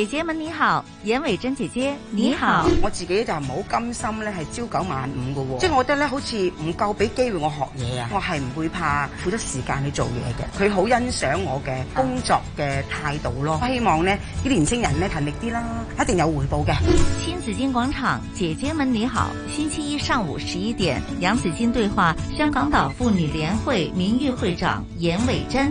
姐姐們你好，嚴偉貞姐姐你好，你好，我自己就唔好甘心咧，係朝九晚五嘅喎，哦，即、就、係、是、我覺得咧好似唔夠俾機會我學嘢啊，我係唔會怕付出時間去做嘢嘅，佢好欣賞我嘅工作嘅態度咯，啊，希望咧啲年青人咧勤力啲啦，一定有回報嘅。新紫荊廣場，姐姐們你好，星期一上午十一點，楊子矜對話香港島婦女聯會名譽會長嚴偉貞。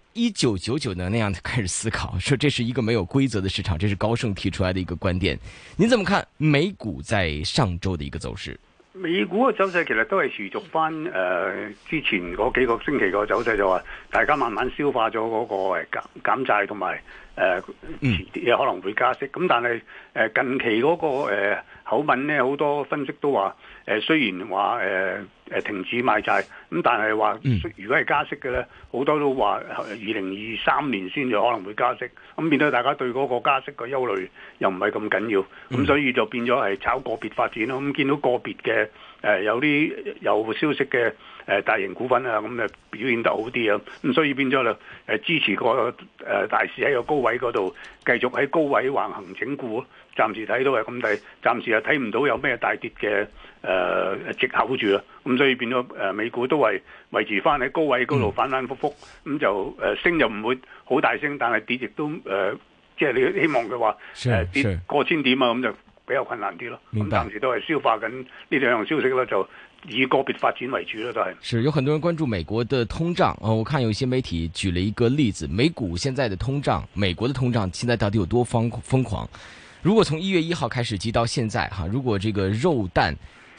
一九九九年那樣開始思考，說這是一個沒有規則的市場，這是高盛提出來的一個觀點。你怎麼看美股在上周的一個走勢？美股嘅走勢其實都係持續翻誒、呃、之前嗰幾個星期個走勢就，就話大家慢慢消化咗嗰個減減債同埋誒遲可能會加息。咁但係誒、呃、近期嗰、那個誒、呃、口吻呢，好多分析都話誒、呃、雖然話誒。呃誒停止買債，咁但係話如果係加息嘅呢，好、嗯、多都話二零二三年先至可能會加息，咁變咗大家對嗰個加息嘅憂慮又唔係咁緊要，咁所以就變咗係炒個別發展咯。咁見到個別嘅誒有啲有消息嘅誒大型股份啊，咁就表現得好啲啊，咁所以變咗就支持個誒大市喺個高位嗰度繼續喺高位橫行整固，暫時睇到係咁，但係暫時又睇唔到有咩大跌嘅。誒、呃，藉口住啦，咁、嗯、所以變咗誒、呃，美股都係維維持翻喺高位嗰度反反复复，咁、嗯嗯、就誒、呃、升又唔會好大升，但係跌亦都誒，即、呃、係、就是、你希望佢話、呃、跌過千點啊，咁、嗯、就比較困難啲咯。咁暫、嗯、時都係消化緊呢兩樣消息啦，就以個別發展為主啦，都係。是有很多人關注美國的通脹，啊，我看有些媒體舉了一個例子，美股現在的通脹，美國的通脹現在到底有多瘋瘋狂？如果從一月一號開始計到現在，哈、啊，如果這個肉蛋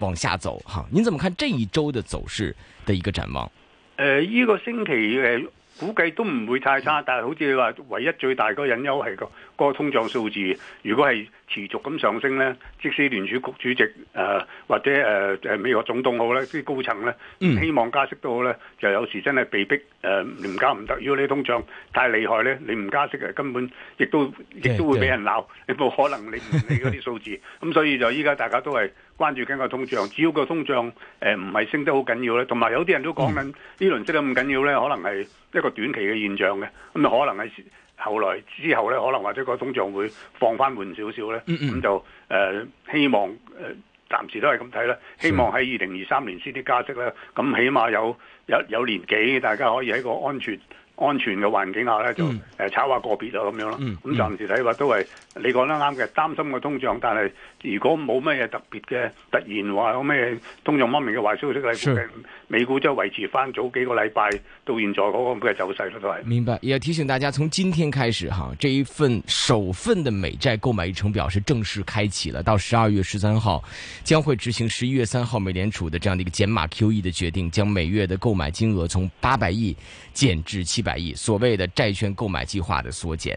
往下走哈，您怎麼看這一周的走勢的一個展望？誒、呃，呢、這個星期誒、呃，估計都唔會太差，但係好似你話唯一最大個隱憂係個個通脹數字，如果係持續咁上升咧，即使聯儲局主席誒、呃、或者誒誒、呃、美國總統好咧，即係高層咧唔希望加息都好咧、嗯，就有時真係被逼誒唔、呃、加唔得，如果你通脹太厲害咧，你唔加息根本亦都亦都會俾人鬧，你冇可能你唔理嗰啲數字，咁、 嗯、所以就依家大家都係。關注緊個通脹，只要個通脹唔係、呃、升得好緊要咧，同埋有啲人都講緊呢輪得咁緊要咧，可能係一個短期嘅現象嘅，咁就可能係後來之後咧，可能或者個通脹會放翻緩少少咧，咁就、呃、希望、呃、暫時都係咁睇啦，希望喺二零二三年先 d 加息咧，咁起碼有有有年幾大家可以喺個安全。安全嘅環境下咧，就誒炒下個別就咁樣咯。咁暫時睇法都係你講得啱嘅，擔心個通脹，但係如果冇咩嘢特別嘅，突然話有咩通脹方面嘅壞消息咧，咁、sure.。美股就維持翻早幾個禮拜到現在嗰個咁嘅走勢都係。明白，也要提醒大家，從今天開始哈，這一份首份的美債購買日程表是正式開啟了，到十二月十三號，將會執行十一月三號美聯儲的這樣一個減碼 QE 的決定，將每月的購買金額從八百億減至七百億，所謂的債券購買計劃的縮減。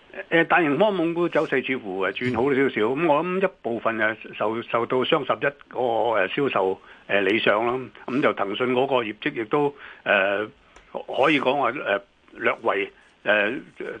誒，大型科網股走勢似乎誒轉好咗少少，咁我諗一部分誒受受到雙十一嗰個誒銷售誒理想啦，咁就騰訊嗰個業績亦都誒可以講話誒略為誒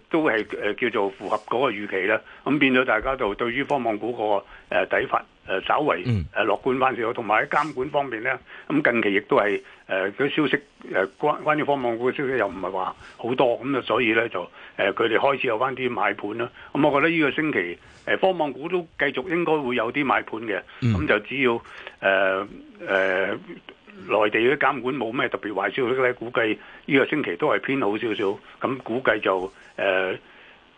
都係誒叫做符合嗰個預期啦，咁變咗大家就對於科網股個誒睇法，誒稍為誒樂觀翻少少，同埋喺監管方面咧，咁近期亦都係誒啲消息誒關關於科網股嘅消息又唔係話好多，咁就所以咧就誒佢哋開始有翻啲買盤啦。咁我覺得呢個星期誒科網股都繼續應該會有啲買盤嘅，咁就只要誒誒、呃呃、內地嘅監管冇咩特別壞消息咧，估計呢個星期都係偏好少少，咁估計就誒。呃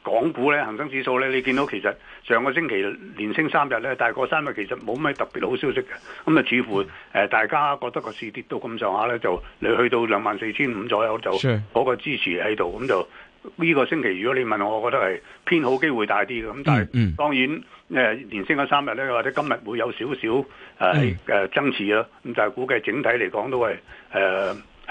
港股咧，恒生指數咧，你見到其實上個星期連升三日咧，但個三日其實冇咩特別好消息嘅，咁啊，似乎、嗯呃、大家覺得個市跌到咁上下咧，就你去到兩萬四千五左右就嗰個支持喺度，咁、嗯、就呢、這個星期如果你問我，我覺得係偏好機會大啲嘅，咁但係、嗯嗯、當然誒連、呃、升咗三日咧，或者今日會有少少誒爭持咯，咁但係估計整體嚟講都係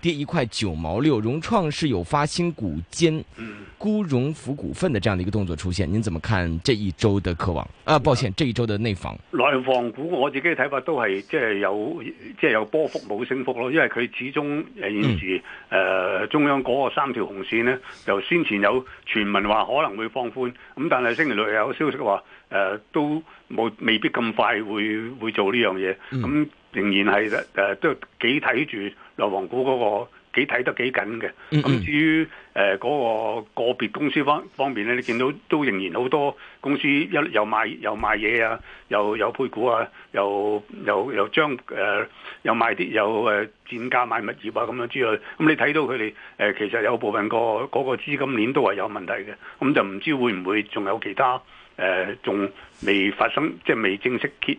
跌一塊九毛六，融創是有發新股兼沽融府股份的這樣的一個動作出現，您怎麼看這一周的科網？啊，抱歉，這一周的內房。內房股我自己睇法都係即係有即係、就是、有波幅冇升幅咯，因為佢始終現時誒、嗯呃、中央嗰個三條紅線呢，就先前有傳聞話可能會放寬，咁但係星期六有消息話誒、呃、都冇未必咁快會會做呢樣嘢，咁、嗯嗯、仍然係誒、呃、都幾睇住。就黃股嗰個幾睇得幾緊嘅，咁至於誒嗰個個別公司方方面咧，你見到都仍然好多公司又賣又賣嘢啊，又有配股啊，又又又將誒、呃、又賣啲又誒賤價賣物業啊咁樣之類，咁你睇到佢哋誒其實有部分、嗰個嗰、嗰個資金鏈都係有問題嘅，咁就唔知會唔會仲有其他誒仲、呃、未發生即係未正式揭。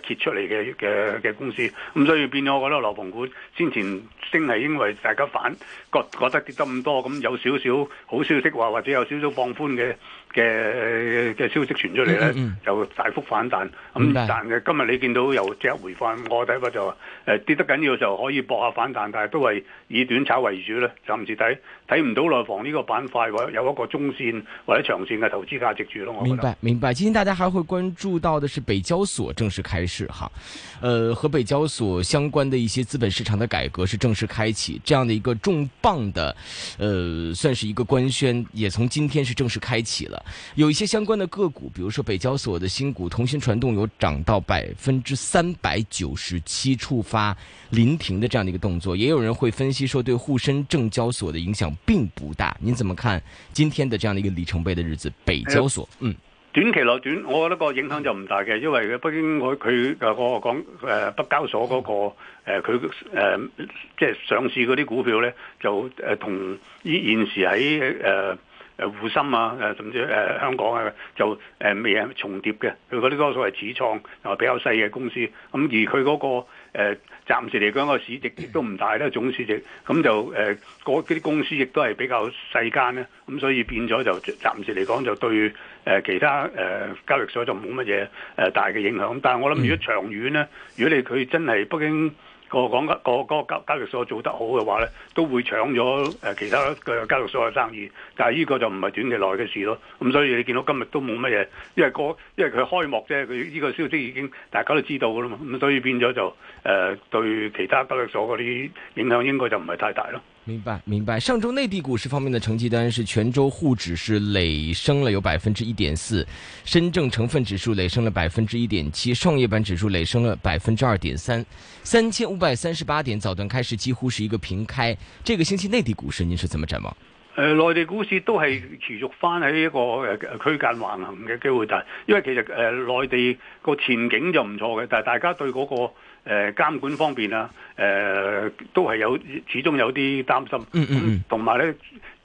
誒，揭出嚟嘅嘅嘅公司，咁所以變咗，我覺得樓盤股先前升係因為大家反覺得覺得跌得咁多，咁有少少好消息話，或者有少少放寬嘅嘅嘅消息傳出嚟咧、嗯嗯，就大幅反彈。咁但係今日你見到又即刻回翻，我睇一就話、呃、跌得緊要就可以搏下反彈，但係都係以短炒為主咧。暫時睇睇唔到內房呢個板塊或有一個中線或者長線嘅投資價值住咯。我明白明白。今天大家還會關注到的是北交所正式開市，哈，呃，和北交所相關的一些資本市場的改革是正式開啟，這樣的一個重磅的，呃，算是一個官宣，也從今天是正式開啟了。有一些相關的個股，比如說北交所的新股，同心傳動有漲到百分之三百九十七，觸發臨停的這樣的一個動作。也有人會分析說，對滬深證交所的影響並不大。您怎麼看今天的這樣的一個里程碑的日子？北交所，嗯，短期內短，我覺得個影響就唔大嘅，因為北京竟我佢個講誒北交所嗰個誒，佢誒即係上市嗰啲股票咧，就誒同現時喺誒。呃誒滬深啊！誒甚至誒、啊、香港啊，就咩嘢、啊、重疊嘅佢嗰啲都係所謂始創，又比較細嘅公司咁、啊，而佢嗰、那個誒、啊、暫時嚟講個市值亦都唔大啦，總市值咁就誒嗰啲公司亦都係比較細間咧，咁、啊、所以變咗就暫時嚟講就對誒、啊、其他誒、啊、交易所就冇乜嘢誒大嘅影響。但係我諗如果長遠咧，如果你佢真係畢竟。個港交交易所做得好嘅話呢，都會搶咗誒其他嘅交易所嘅生意，但係呢個就唔係短期內嘅事咯。咁所以你見到今日都冇乜嘢，因為個因為佢開幕啫，佢呢個消息已經大家都知道噶啦嘛。咁所以變咗就誒對其他交易所嗰啲影響應該就唔係太大咯。明白明白。上周內地股市方面的成績單是，全周滬指是累升了有百分之一點四，深圳成分指數累升了百分之一點七，創業板指數累升了百分之二點三，三千五百三十八點，早段開市幾乎是一個平開。這個星期內地股市，你是怎麼展望？誒、呃，內地股市都係持續翻喺一個誒、呃、區間橫行嘅機會，但係因為其實誒、呃、內地個前景就唔錯嘅，但係大家對嗰、那個。誒監管方面啊，誒、呃、都係有，始終有啲擔心。嗯嗯，同埋咧，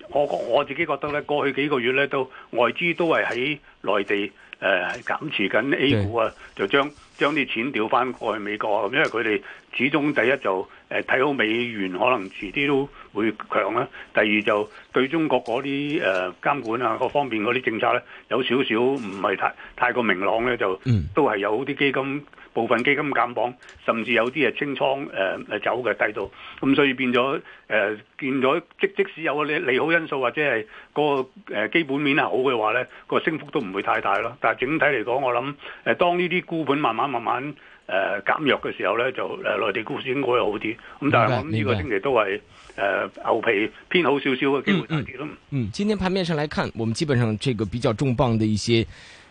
我我自己覺得咧，過去幾個月咧，都外資都係喺內地誒、呃、減持緊 A 股啊，就將將啲錢調翻過去美國啊，因為佢哋始終第一就，誒、呃、睇好美元，可能遲啲都會強啦。第二就對中國嗰啲誒監管啊，各方面嗰啲政策咧，有少少唔係太太過明朗咧，就都係有啲基金部分基金減磅，甚至有啲係清倉、呃、走嘅低度。咁所以變咗誒，見、呃、咗即即使有個利好因素或者係嗰個基本面係好嘅話咧，個升幅都唔會太大咯。但係整體嚟講，我諗、呃、當呢啲沽盤慢慢慢慢。誒、呃、減弱嘅時候咧，就內、呃、地股市應該會好啲。咁、嗯、但係我諗呢個星期都係誒牛皮偏好少少嘅機會大啲咯嗯。嗯，今天盤面上來看，我們基本上這個比較重磅的一些。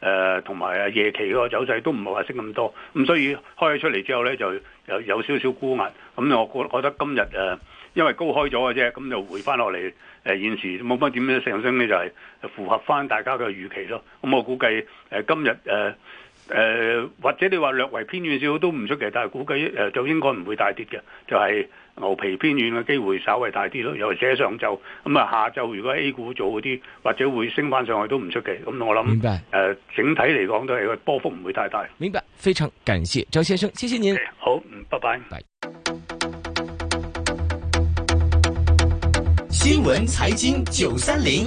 誒同埋啊夜期嗰個走勢都唔係話升咁多，咁所以開咗出嚟之後呢，就有就有少少沽壓，咁我，我覺得今日誒、呃、因為高開咗嘅啫，咁就回翻落嚟，誒現時冇乜點樣上升呢，就係、係、符合翻大家嘅預期咯。咁我估計今日誒或者你話略為偏遠少少都唔出奇，但係估計、呃、就應該唔會大跌嘅，就係、係。牛皮偏軟嘅機會稍為大啲咯，尤其係上晝。咁啊，下晝如果 A 股做啲，或者會升翻上去都唔出奇。咁我諗，誒、呃、整體嚟講都係個波幅唔會太大。明白，非常感謝張先生，謝謝您。好，嗯，拜拜。Bye. 新聞財經九三零。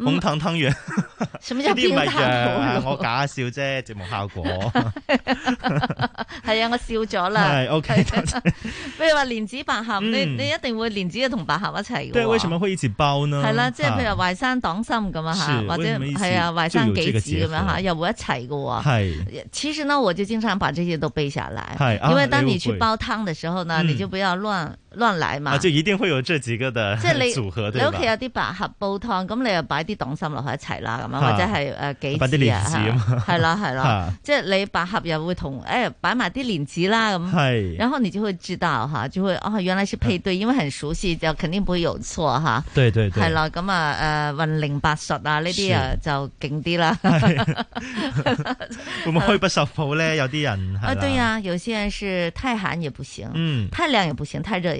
懵騰騰樣，什麼叫變態， 我假笑啫，節目效果。係 啊、 哎，我笑咗啦。係、 哎、OK。譬 如話蓮子百合，你你一定會蓮子要同百合一齊嘅。對，為什麼會一起煲呢？係、啊、啦，即係譬如淮山黨參咁啊吓，或者係啊，淮山杞子咁樣吓，又會一齊嘅喎。係， 其實呢，我就經常把這些都背下來， 因為當你去煲湯的時候呢，啊、你就不要亂。嗯亂嚟嘛？啊、就一定會有這幾個的 你組合，對吧？你屋企有啲百合煲湯，咁你又擺啲黨參落去一齊啦，咁啊，或者係誒杞子啊，係啦係啦，即係你百合又會同誒擺埋啲蓮子啦，咁，然後你就會知道吓，就會哦，原來是配對，因為很熟悉，就肯定不會有錯吓、啊。對對對，係啦，咁啊誒，雲苓白朮啊呢啲啊就勁啲啦。會唔會開不受補咧？有啲人啊，對呀，有些人是太寒也不行，嗯，太涼也不行，太熱，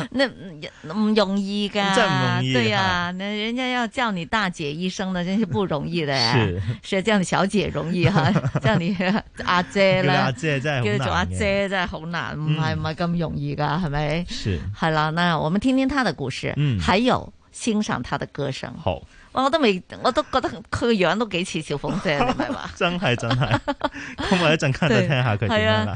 那唔容易噶、啊，對呀、啊啊，人家要叫你大姐一聲呢，真是不容易的呀、啊。是，是、啊，叫你小姐容易吓、啊， 叫你阿姐啦、哎，叫阿姐真係叫做阿姐真係好難，唔係唔係咁容易噶，係、嗯、咪？是，係啦，嗱，我們聽聽她的故事，嗯，還有欣賞她的歌聲。好，我我都未，我都覺得佢個樣都幾似小鳳姐，啊、 你係嘛？真係真係，咁 我一陣間再聽下佢點樣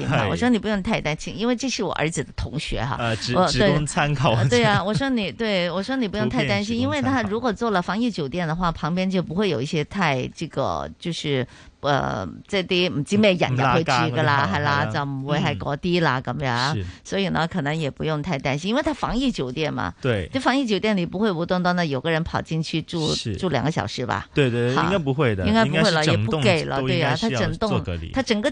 我說你不用太擔心，因為這是我兒子的同學哈。呃，我只供參考、呃。對啊，我說你，對我說你不用太擔心，因為他如果做了防疫酒店的話，旁邊就不會有一些太這個，就是呃，即啲唔知咩人會去的啦，還、嗯、啦，就唔會係嗰啲啦咁樣。所以呢，可能也不用太擔心，因為他防疫酒店嘛。對。這防疫酒店裏不會無端端的有個人跑進去住住兩個小時吧？對對，對，應該不會的，應該不會了，也不給了，對呀、啊，他整棟，他整個。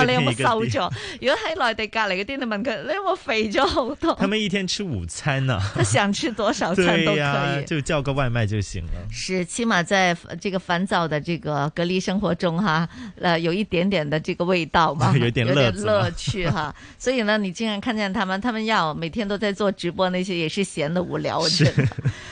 你有冇瘦咗？如果喺內地隔離嘅啲，你問佢，你有冇肥咗好多？那個、他們一天吃午餐呢、啊？ 他想吃多少餐都可以、啊，就叫個外賣就行了。是，起碼在這個煩躁的這個隔離生活中，哈，呃，有一點點的這個味道嘛， 有點樂 趣哈。啊、 所以呢，你經常看見他們，他們要每天都在做直播，那些也是閒得無聊，我覺得。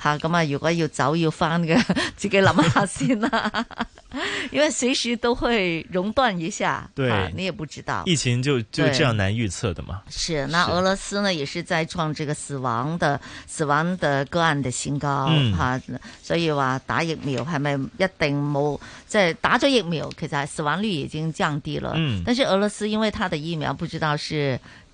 哈咁啊！如果要走要翻嘅，自己諗下先啦、啊， 因為隨時都會熔斷一下，對、啊、你也不知道。疫情就就這樣難預測的嘛。是，那俄羅斯呢，也是在創這個死亡的死亡的個案的新高，哈、啊，所以話、啊、打疫苗係咪一定冇？即係打咗疫苗，其實死亡率已經降低了，嗯，但是俄羅斯因為它的疫苗，不知道是。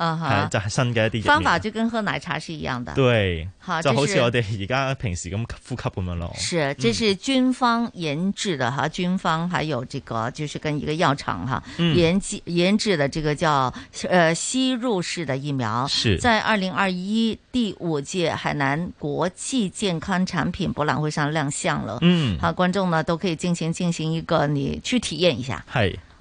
係、uh -huh. 就係新嘅一啲方法，就跟喝奶茶是一樣的。對，好就好似我哋而家平時咁呼吸咁樣咯。是，這是軍方研製的哈、嗯，軍方還有這個就是跟一個藥廠哈研製、嗯、研製的這個叫，誒吸入式的疫苗。是，在二零二一第五屆海南國際健康產品博覽會上亮相了。嗯，好，觀眾呢都可以進行進行一個你去體驗一下。係。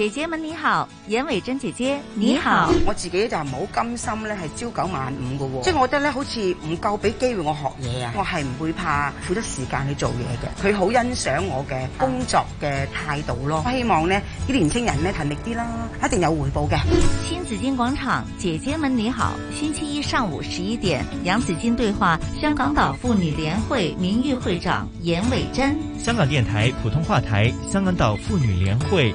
姐姐們你好，嚴偉貞姐姐你好，你好，我自己就唔好甘心咧，係朝九晚五噶，即係我覺得咧好似唔夠俾機會我學嘢啊，我係唔會怕付出時間去做嘢嘅。佢好欣賞我嘅工作嘅態度咯，我希望咧啲年輕人咧勤力啲啦，一定有回報嘅。《新紫荊廣場》，姐姐們你好，星期一上午十一點，《楊子矜對話》香港島婦女聯會名譽會長嚴偉貞，香港電台普通話台，香港島婦女聯會。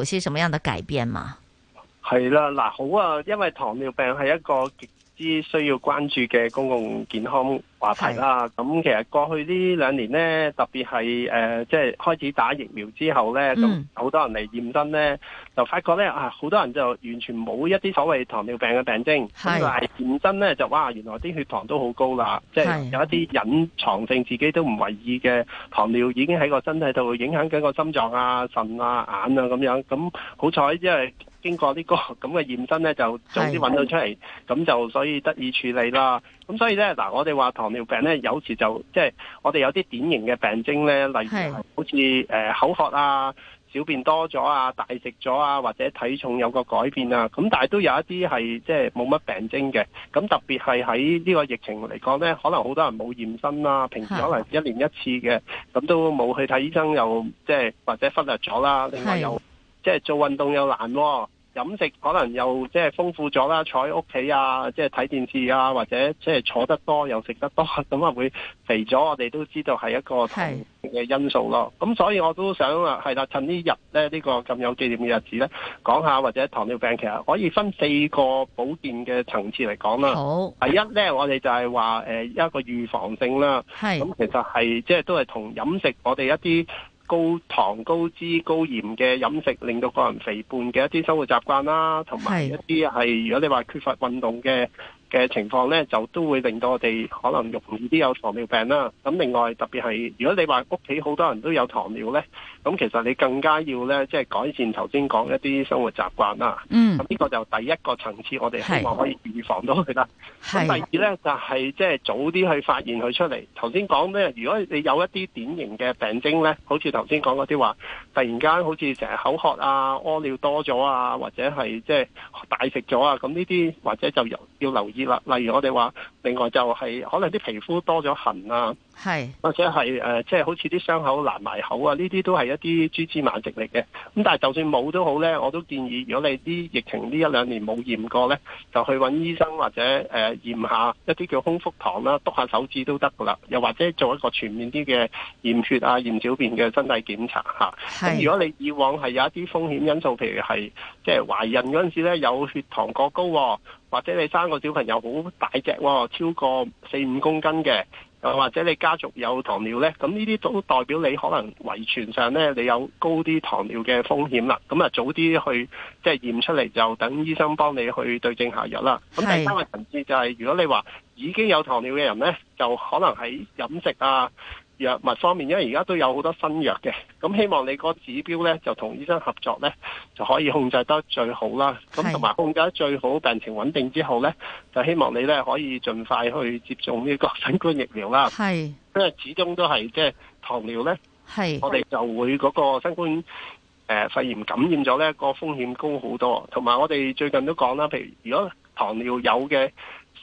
有些什麼樣的改變嗎？係啦，嗱，好啊，因為糖尿病係一個極。啲需要關注嘅公共健康話題啦，咁其實過去呢兩年呢，特別係誒，即係開始打疫苗之後呢，嗯、就好多人嚟驗身呢，呢就發覺呢，啊，好多人就完全冇一啲所謂糖尿病嘅病徵，咁就係驗身呢就哇，原來啲血糖都好高啦，即係有一啲隱藏性自己都唔為意嘅糖尿，已經喺個身體度影響緊個心臟啊、腎啊、眼啊咁樣，咁好彩因為。經過這個這呢個咁嘅驗身咧，就早啲揾到出嚟，咁就所以得以處理啦。咁所以咧，嗱我哋話糖尿病咧，有時就即係、就是、我哋有啲典型嘅病徵咧，例如好似誒、呃、口渴啊、小便多咗啊、大食咗啊，或者體重有個改變啊。咁但係都有一啲係即係冇乜病徵嘅。咁特別係喺呢個疫情嚟講咧，可能好多人冇驗身啦、啊，平時可能一年一次嘅，咁都冇去睇醫生，又即係、就是、或者忽略咗啦，另外有。即、就、係、是、做運動又難喎，飲食可能又即係豐富咗啦，坐喺屋企啊，即係睇電視啊，或者即係坐得多又食得多，咁啊會肥咗。我哋都知道係一個同性嘅因素咯。咁所以我都想啊係啦，趁呢日咧呢個咁有紀念嘅日子咧，講下或者糖尿病其實可以分四個保健嘅層次嚟講啦。好，第一咧，我哋就係話、呃、一個預防性啦。咁其實係即係都係同飲食我哋一啲。高糖、高脂、高鹽嘅飲食，令到個人肥胖嘅一啲生活習慣啦，同埋一啲係如果你話缺乏運動嘅。嘅情況咧，就都會令到我哋可能容易啲有糖尿病啦。咁另外特別係，如果你話屋企好多人都有糖尿咧，咁其實你更加要咧，即係改善頭先講一啲生活習慣啦。嗯。咁呢個就第一個層次，我哋希望可以預防到佢啦。第二咧，就係即係早啲去發現佢出嚟。頭先講咧，如果你有一啲典型嘅病徵咧，好似頭先講嗰啲話，突然間好似成日口渴啊、屙尿多咗啊，或者係即係大食咗啊，咁呢啲或者就要留意。例如我哋話，另外就係可能啲皮膚多咗痕啊，或者係誒，即、呃、係、就是、好似啲傷口難埋口啊，呢啲都係一啲蛛絲馬跡嚟嘅。咁但係就算冇都好咧，我都建議，如果你啲疫情呢一兩年冇驗過咧，就去搵醫生或者誒驗、呃、下一啲叫空腹糖啦，督下手指都得噶啦。又或者做一個全面啲嘅驗血啊、驗小便嘅身體檢查吓。咁如果你以往係有一啲風險因素，譬如係即係懷孕嗰陣時咧有血糖過高，啊。或者你生個小朋友好大隻喎、哦，超過四五公斤嘅，又或者你家族有糖尿呢。咁呢啲都代表你可能遺傳上呢，你有高啲糖尿嘅風險啦。咁啊，早啲去即係驗出嚟，就等醫生幫你去對症下藥啦。咁第三個層次就係、是，如果你話已經有糖尿嘅人呢，就可能喺飲食啊，藥物方面，因為而家都有好多新藥嘅，咁希望你個指標呢，就同醫生合作呢，就可以控制得最好啦。咁同埋控制得最好，病情穩定之後呢，就希望你呢可以盡快去接種呢個新冠疫苗啦。係，因為始終都係即係糖尿呢，係，我哋就會嗰個新冠肺炎感染咗呢個風險高好多。同埋我哋最近都講啦，譬如如果糖尿有嘅。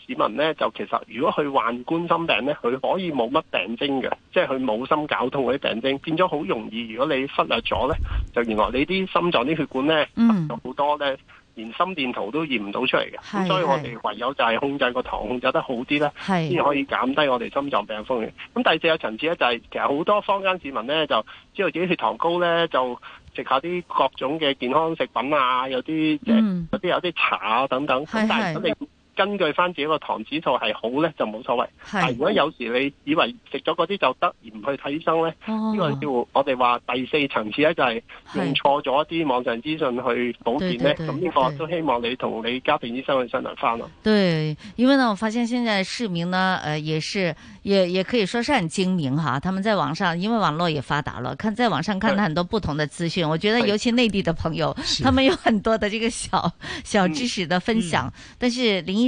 市民咧就其實，如果佢患冠心病咧，佢可以冇乜病徵嘅，即係佢冇心絞痛嗰啲病徵，變咗好容易。如果你忽略咗咧，就原來你啲心臟啲血管咧塞咗好多咧，連心電圖都驗唔到出嚟嘅。咁所以我哋唯有就係控制個糖，控制得好啲咧，先可以減低我哋心臟病風險。咁第四個層次咧、就是，就係其實好多坊間市民咧就知道自己血糖高咧，就食下啲各種嘅健康食品啊，有啲即係啲有啲茶等等。是是但係根據翻自己個糖指數係好咧，就冇所謂。係、啊，如果有時你以為食咗嗰啲就得，而唔去睇醫生咧，呢、哦這個叫我哋話第四層次咧，就係用錯咗一啲網上資訊去保健咧。咁呢個都希望你同你家庭醫生去商量翻咯。對，因為呢我發現現在市民呢，誒、呃、也是，也也可以說是很精明哈。他們在網上，因為網絡也發達了，看在網上看到很多不同的資訊。我覺得尤其內地的朋友，他們有很多的這個小小知識的分享，但是臨。嗯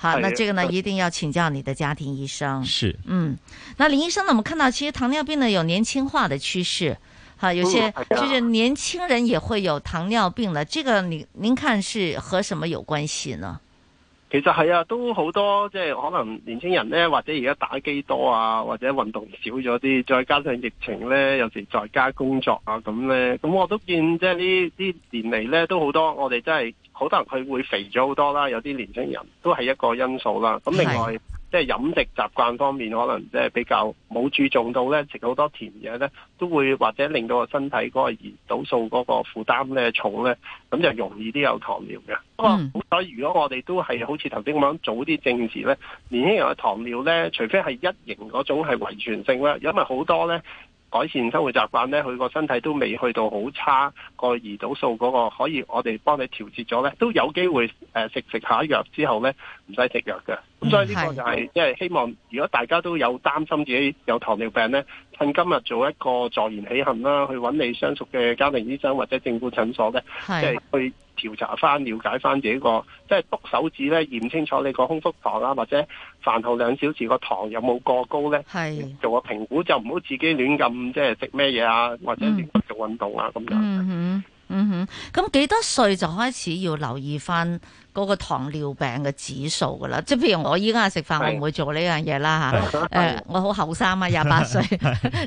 好，那這個呢，一定要請教你的家庭醫生。是，嗯，那林醫生呢，我們看到其實糖尿病呢有年輕化的趨勢，好，有些就是年輕人也會有糖尿病了。這個您，您看是和什麼有關係呢？其實係啊，都好多即係可能年輕人呢，或者而家打機多啊，或者運動少咗啲，再加上疫情呢，有時在家工作啊咁呢。咁我都見即係呢啲年嚟呢，都好多，我哋真係。好多人佢會肥咗好多啦，有啲年輕人都係一個因素啦。咁另外即係飲食習慣方面，可能即係比較冇注重到咧，食好多甜嘢咧，都會或者令到個身體嗰個胰島素嗰個負擔咧重咧，咁就容易啲有糖尿嘅。咁、嗯、所以如果我哋都係好似頭先咁樣早啲正視咧，年輕人嘅糖尿咧，除非係一型嗰種係遺傳性啦，因為好多咧。改善生活習慣咧，佢個身體都未去到好差，個胰島素嗰個可以我哋幫你調節咗咧，都有機會呃、食食下藥之後咧唔使食藥嘅。咁所以呢個就係即係希望，如果大家都有擔心自己有糖尿病咧，趁今日做一個助言起行啦，去揾你相熟嘅家庭醫生或者政府診所呢，即係、就是、去。調查翻、了解翻自己個，即係督手指咧驗清楚你個空腹糖啦、啊，或者飯後兩小時個糖有冇過高咧，係，做個評估就唔好自己亂咁即係食咩嘢啊，或者點做運動啊咁、嗯、樣。嗯哼，嗯哼，咁幾多歲就開始要留意翻？嗰、那個糖尿病嘅指數㗎啦，即譬如我依家食飯，我唔會做呢樣嘢啦嚇，誒，我好後生啊，廿八、啊、歲， 是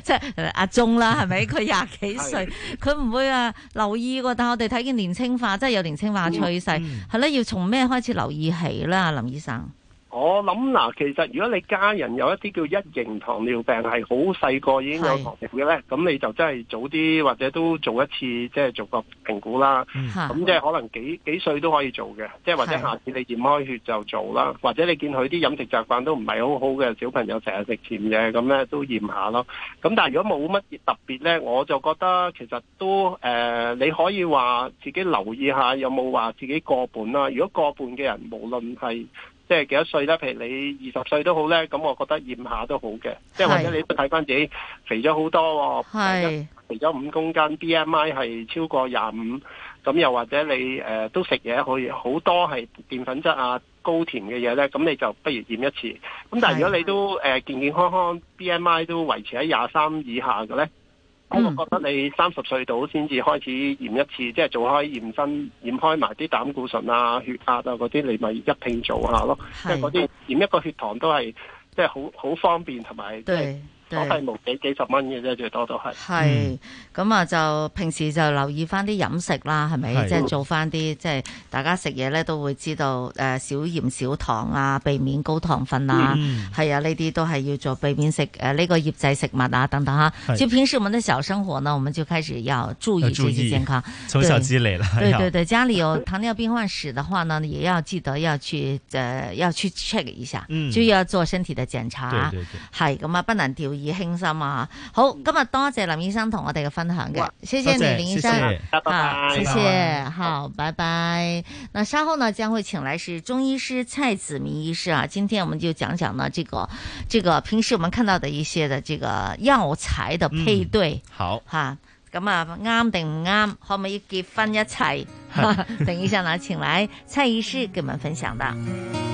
即係阿鐘啦，係、啊、咪？佢廿幾歲，佢唔會啊留意喎。但我哋睇見年青化，即係有年青化趨勢，係、嗯、啦要從咩開始留意起啦，林醫生？我諗嗱，其實如果你家人有一啲叫一型糖尿病，係好細個已經有糖尿病嘅咧，咁你就真係早啲或者都做一次即係、即係、做個評估啦。咁即係可能幾、嗯、幾歲都可以做嘅，即係或者下次你驗開血就做啦，或者你見佢啲飲食習慣都唔係好好嘅，小朋友成日食甜嘅咁咧都驗下咯。咁但係如果冇乜特別咧，我就覺得其實都誒、呃，你可以話自己留意下有冇話自己過半啦。如果過半嘅人，無論係即係幾多歲咧？譬如你二十歲都好咧，咁我覺得驗下都好嘅。即係或者你都睇翻自己肥咗好多、哦，肥咗五公斤，B M I 係超過廿五，咁又或者你誒、呃、都食嘢可以好多係澱粉質啊高甜嘅嘢咧，咁你就不如驗一次。咁但係如果你都誒健健康康，B M I 都維持喺廿三以下嘅咧。嗯、我覺得你三十歲到先至開始驗一次，即係做開驗身驗開埋啲膽固醇啊、血壓啊嗰啲，你咪一拼做下咯。即係嗰啲驗一個血糖都係即係好好方便同埋。都係冇幾幾十蚊嘅啫，最多都係。係咁啊，就平時就留意翻啲飲食啦，係咪？即係、就是、做翻啲，即、就、係、是、大家食嘢咧，都會知道誒，少鹽少糖啊，避免高糖分、嗯、啊，係啊，呢啲都係要做避免食誒呢、這個醃製食物啊，等等哈。就平時我們的小生活呢，我們就開始要注意這些健康，從小積累了對。對對對，家裏有糖尿病患史的話呢， 也要記得要去誒、呃，要去 check 一下，就要做身體的檢查。對對對，係咁啊，不能掉。而輕 心啊！好，今日多謝林醫生同我哋嘅分享嘅，謝謝，你謝，謝林醫生啊啊，拜拜，啊，謝謝，拜拜好，拜拜。啊、那稍後呢將會請來是中醫師蔡梓銘醫師啊，今天我們就講講呢這個，這個平時我們看到的一些的這個藥材的配對，嗯、好，哈、啊，咁啊啱定唔啱，可唔可以結婚一齊？嗯、 等一下呢，請來蔡醫師給我們分享的。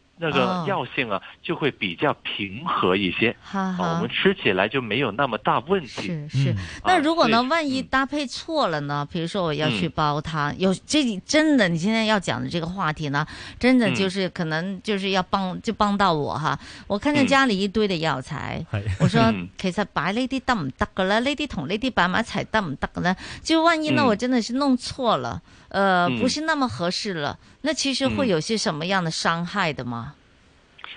那個藥性啊，oh, 就會比較平和一些，好、哦，我們吃起來就沒有那麼大問題。是是，嗯、那如果呢、嗯，萬一搭配錯了呢？比如說我要去煲湯、嗯，有這真的，你今天要講的這個話題呢，真的就是、嗯、可能就是要幫就幫到我哈。我看見家裡一堆的藥材，嗯、我說其實擺呢啲得唔得噶咧？呢啲同呢啲擺埋一齊得唔得噶咧？就萬一呢、嗯，我真的是弄錯了，呃，不是那麼合適了，嗯、那其實會有些什麼樣的傷害的嗎？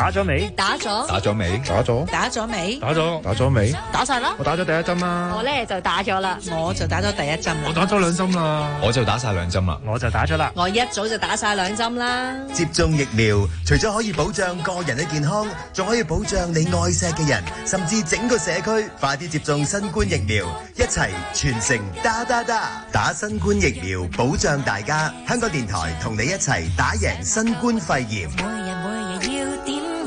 打咗未？打咗。打咗未？打咗。打咗未？打咗。打咗未？打晒啦！我打咗第一針啦。我呢就打咗啦，我就打咗第一針啦。我打咗兩針啦，我就打晒兩針啦。我就打咗啦，我一早就打晒兩針啦。接種疫苗，除咗可以保障個人嘅健康，仲可以保障你愛錫嘅人，甚至整個社區。快啲接種新冠疫苗，一齊全城打打打，打新冠疫苗保障大家。香港電台同你一齊打贏新冠肺炎。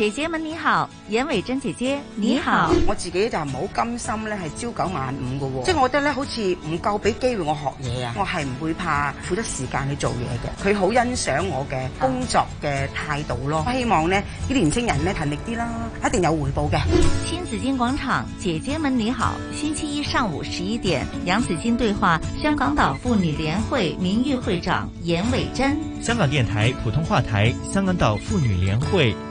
姐姐們你好，嚴偉貞姐姐你好，你好，我自己就唔好甘心咧，係朝九晚五噶、哦，即、就、係、是、我覺得咧好似唔夠俾機會我學嘢啊，我係唔會怕付出時間去做嘢嘅。佢好欣賞我嘅工作嘅態度咯，我希望呢啲年輕人咧勤力啲啦，一定有回報嘅。《新紫荊廣場》，姐姐們你好，星期一上午十一點，《楊子矜對話》香港島婦女聯會名譽會長嚴偉貞，香港電台普通話台，香港島婦女聯會。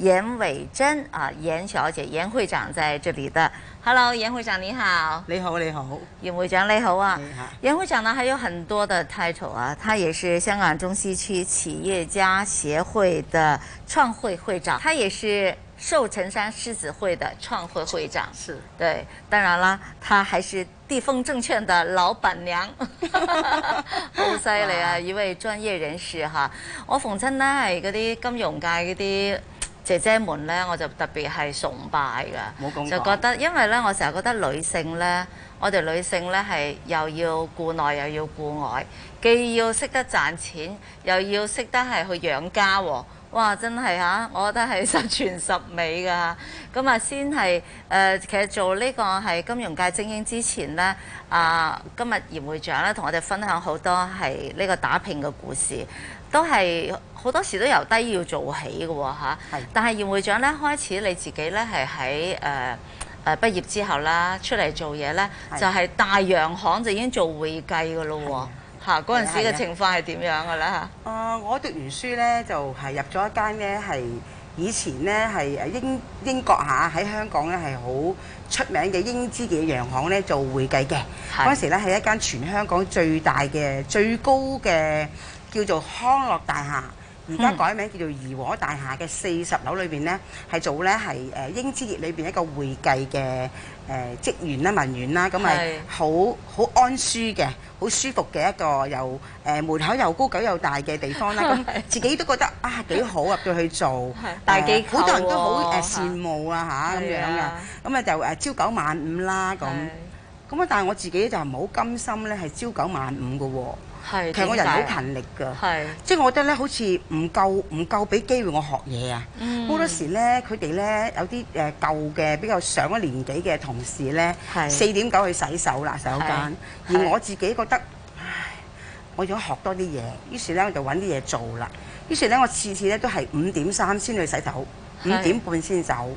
嚴偉貞啊，嚴小姐、嚴會長在這裏的。Hello，嚴會長你好。你好，你好。嚴會長你好啊。你好。嚴會長呢，還有很多的 title 啊，他也是香港中西區企業家協會的創會會長，他也是壽臣山獅子會的創會會長。是。是對，當然啦，他還是地豐證券的老闆娘。 好犀利啊，一位專業人士哈、啊。我逢親呢係嗰啲金融界嗰啲。姐姐們咧，我就特別係崇拜㗎，就覺得因為咧，我成日覺得女性咧，我哋女性咧係又要顧內又要顧外，既要識得賺錢，又要識得係去養家喎、哦，哇！真係嚇，我覺得係十全十美㗎。咁啊，先係誒，其實做呢個係金融界精英之前咧，啊、呃，今日嚴會長咧同我哋分享好多係呢個打拼嘅故事。都係好多時都由低要做起嘅喎嚇，但係嚴會長咧開始你自己咧係喺誒誒畢業之後啦出嚟做嘢咧，就係、是、大洋行就已經做會計嘅咯喎嚇，嗰陣時嘅情況係點樣嘅咧嚇？啊、呃，我讀完書咧就係入咗一間咧係以前咧係英英國嚇、啊、喺香港咧係好出名嘅英資嘅洋行咧做會計嘅，嗰陣時咧係一間全香港最大嘅最高嘅，叫做康樂大廈，而家改名叫做怡和大廈嘅四十樓裏邊咧，係做咧係誒英資業裏邊一個會計嘅誒職員啦、文員啦，咁係好好安舒嘅，好舒服嘅一個又誒門口又高、狗又大嘅地方啦。咁自己都覺得啊幾好啊，要去做，但係幾好多人都好誒羨慕啊嚇咁樣嘅，咁啊就誒朝九晚五啦咁，咁啊但係我自己就唔好甘心咧，係朝九晚五嘅喎。係，其實我人好勤力㗎，即係、就是、我覺得咧，好似唔夠唔夠俾機會我學嘢啊！好、嗯、多時咧，佢哋咧有啲誒舊嘅比較上咗年紀嘅同事咧，四點九去洗手啦，洗手間，而我自己覺得，唉，我想學多啲嘢，於是咧我就搵啲嘢做啦，於是咧我次次咧都係五點三先去洗手，五點半先走。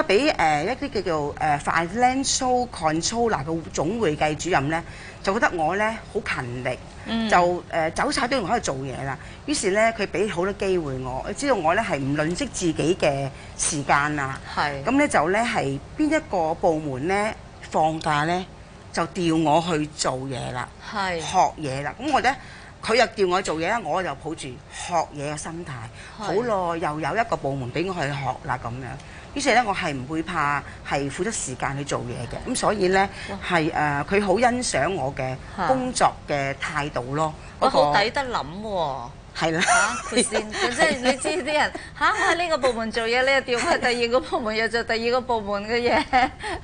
俾誒、呃、一啲叫做誒、uh, Financial Controller 嘅總會計主任咧，就覺得我咧好勤力，就誒、呃、走晒都要開去做嘢啦。於是咧，佢俾好多機會我，知道我咧係唔吝惜自己嘅時間啦。係。咁咧就咧係邊一個部門咧放假咧，就調我去做嘢啦。係。學嘢啦，咁我咧佢又調我做嘢啦，我就抱住學嘢嘅心態，好耐又有一個部門俾我去學啦咁樣。於是咧，我係唔會怕係付出時間去做嘢嘅，咁所以咧係誒，佢好、呃、欣賞我嘅工作嘅態度咯。我好抵得諗喎，係啦嚇，即係你知啲人嚇喺呢個部門做嘢，你又調返去第二個部門又做第二個部門嘅嘢，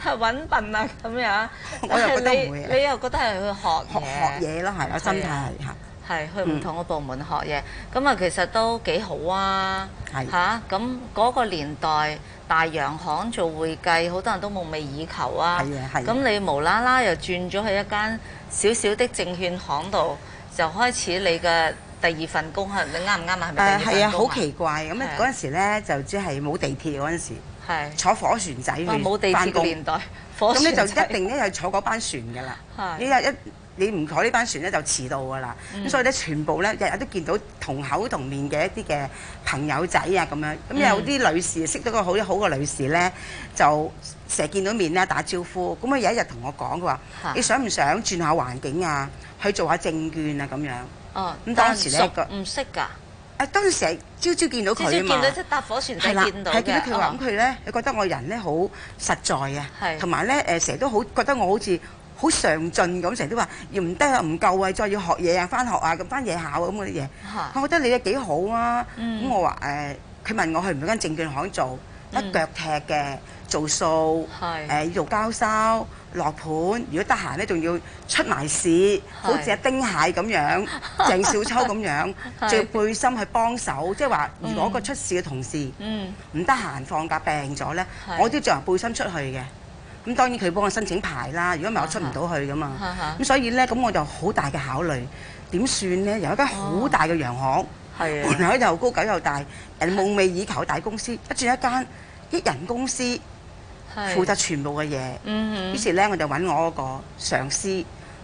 係揾笨啊咁樣。我又覺得唔會、啊你，你又覺得係去學學學嘢咯，係啦，真係係係去唔同嘅部門學嘢，咁、嗯、啊其實都幾好啊吓、啊，咁嗰個年代，大洋行做會計好多人都夢寐以求啊。咁你無啦啦又轉咗去一間小小的證券行度，就開始你嘅第二份工嚇。你啱唔啱啊？誒係啊，好奇怪咁啊！嗰時咧就只係冇地鐵嗰陣時候，坐火船仔冇、啊、地鐵年代嚟翻工。咁你就一定咧係坐嗰班船㗎啦。呢日一你唔坐呢班船咧就遲到㗎啦，咁、嗯、所以咧全部咧日日都見到同口同面嘅一啲嘅朋友仔啊咁樣，咁、嗯、有啲女士識得個好啲好嘅女士咧，就成日見到面咧打招呼，咁佢有一日同我講佢話，你想唔想轉下環境啊？去做下證券啊咁樣？哦，咁當時咧唔熟，唔識㗎。誒當時係朝朝見到佢啊嘛。朝朝見到即搭火船就見到嘅。係啦。係見到佢話，咁佢咧，你覺得我人咧好實在啊？同埋咧誒，成日、呃、都好覺得我好似。好上進咁成日都話，要唔得啊，唔夠啊，再要學嘢啊，翻學啊，咁翻夜校咁嗰啲嘢。我覺得你哋幾好啊。咁、嗯、我話誒，佢、呃、問我去唔去間證券行做，嗯、一腳踢嘅做數，誒、呃、要交收落盤。如果得閒咧，仲要出埋市，好似阿丁蟹咁樣， 鄭少秋咁樣著 背心去幫手，即係話如果一個出事嘅同事唔得閒放假病咗咧，我都著埋背心出去嘅。咁當然佢幫我申請牌啦，如果唔係我出唔到去噶嘛。咁所以咧，咁我就好大嘅考慮，點算咧？由一間好大嘅洋行，門口又高、狗又大，人夢寐以求大公司，一轉一間一人公司，負責全部嘅嘢。於是咧，我就揾我嗰個上司，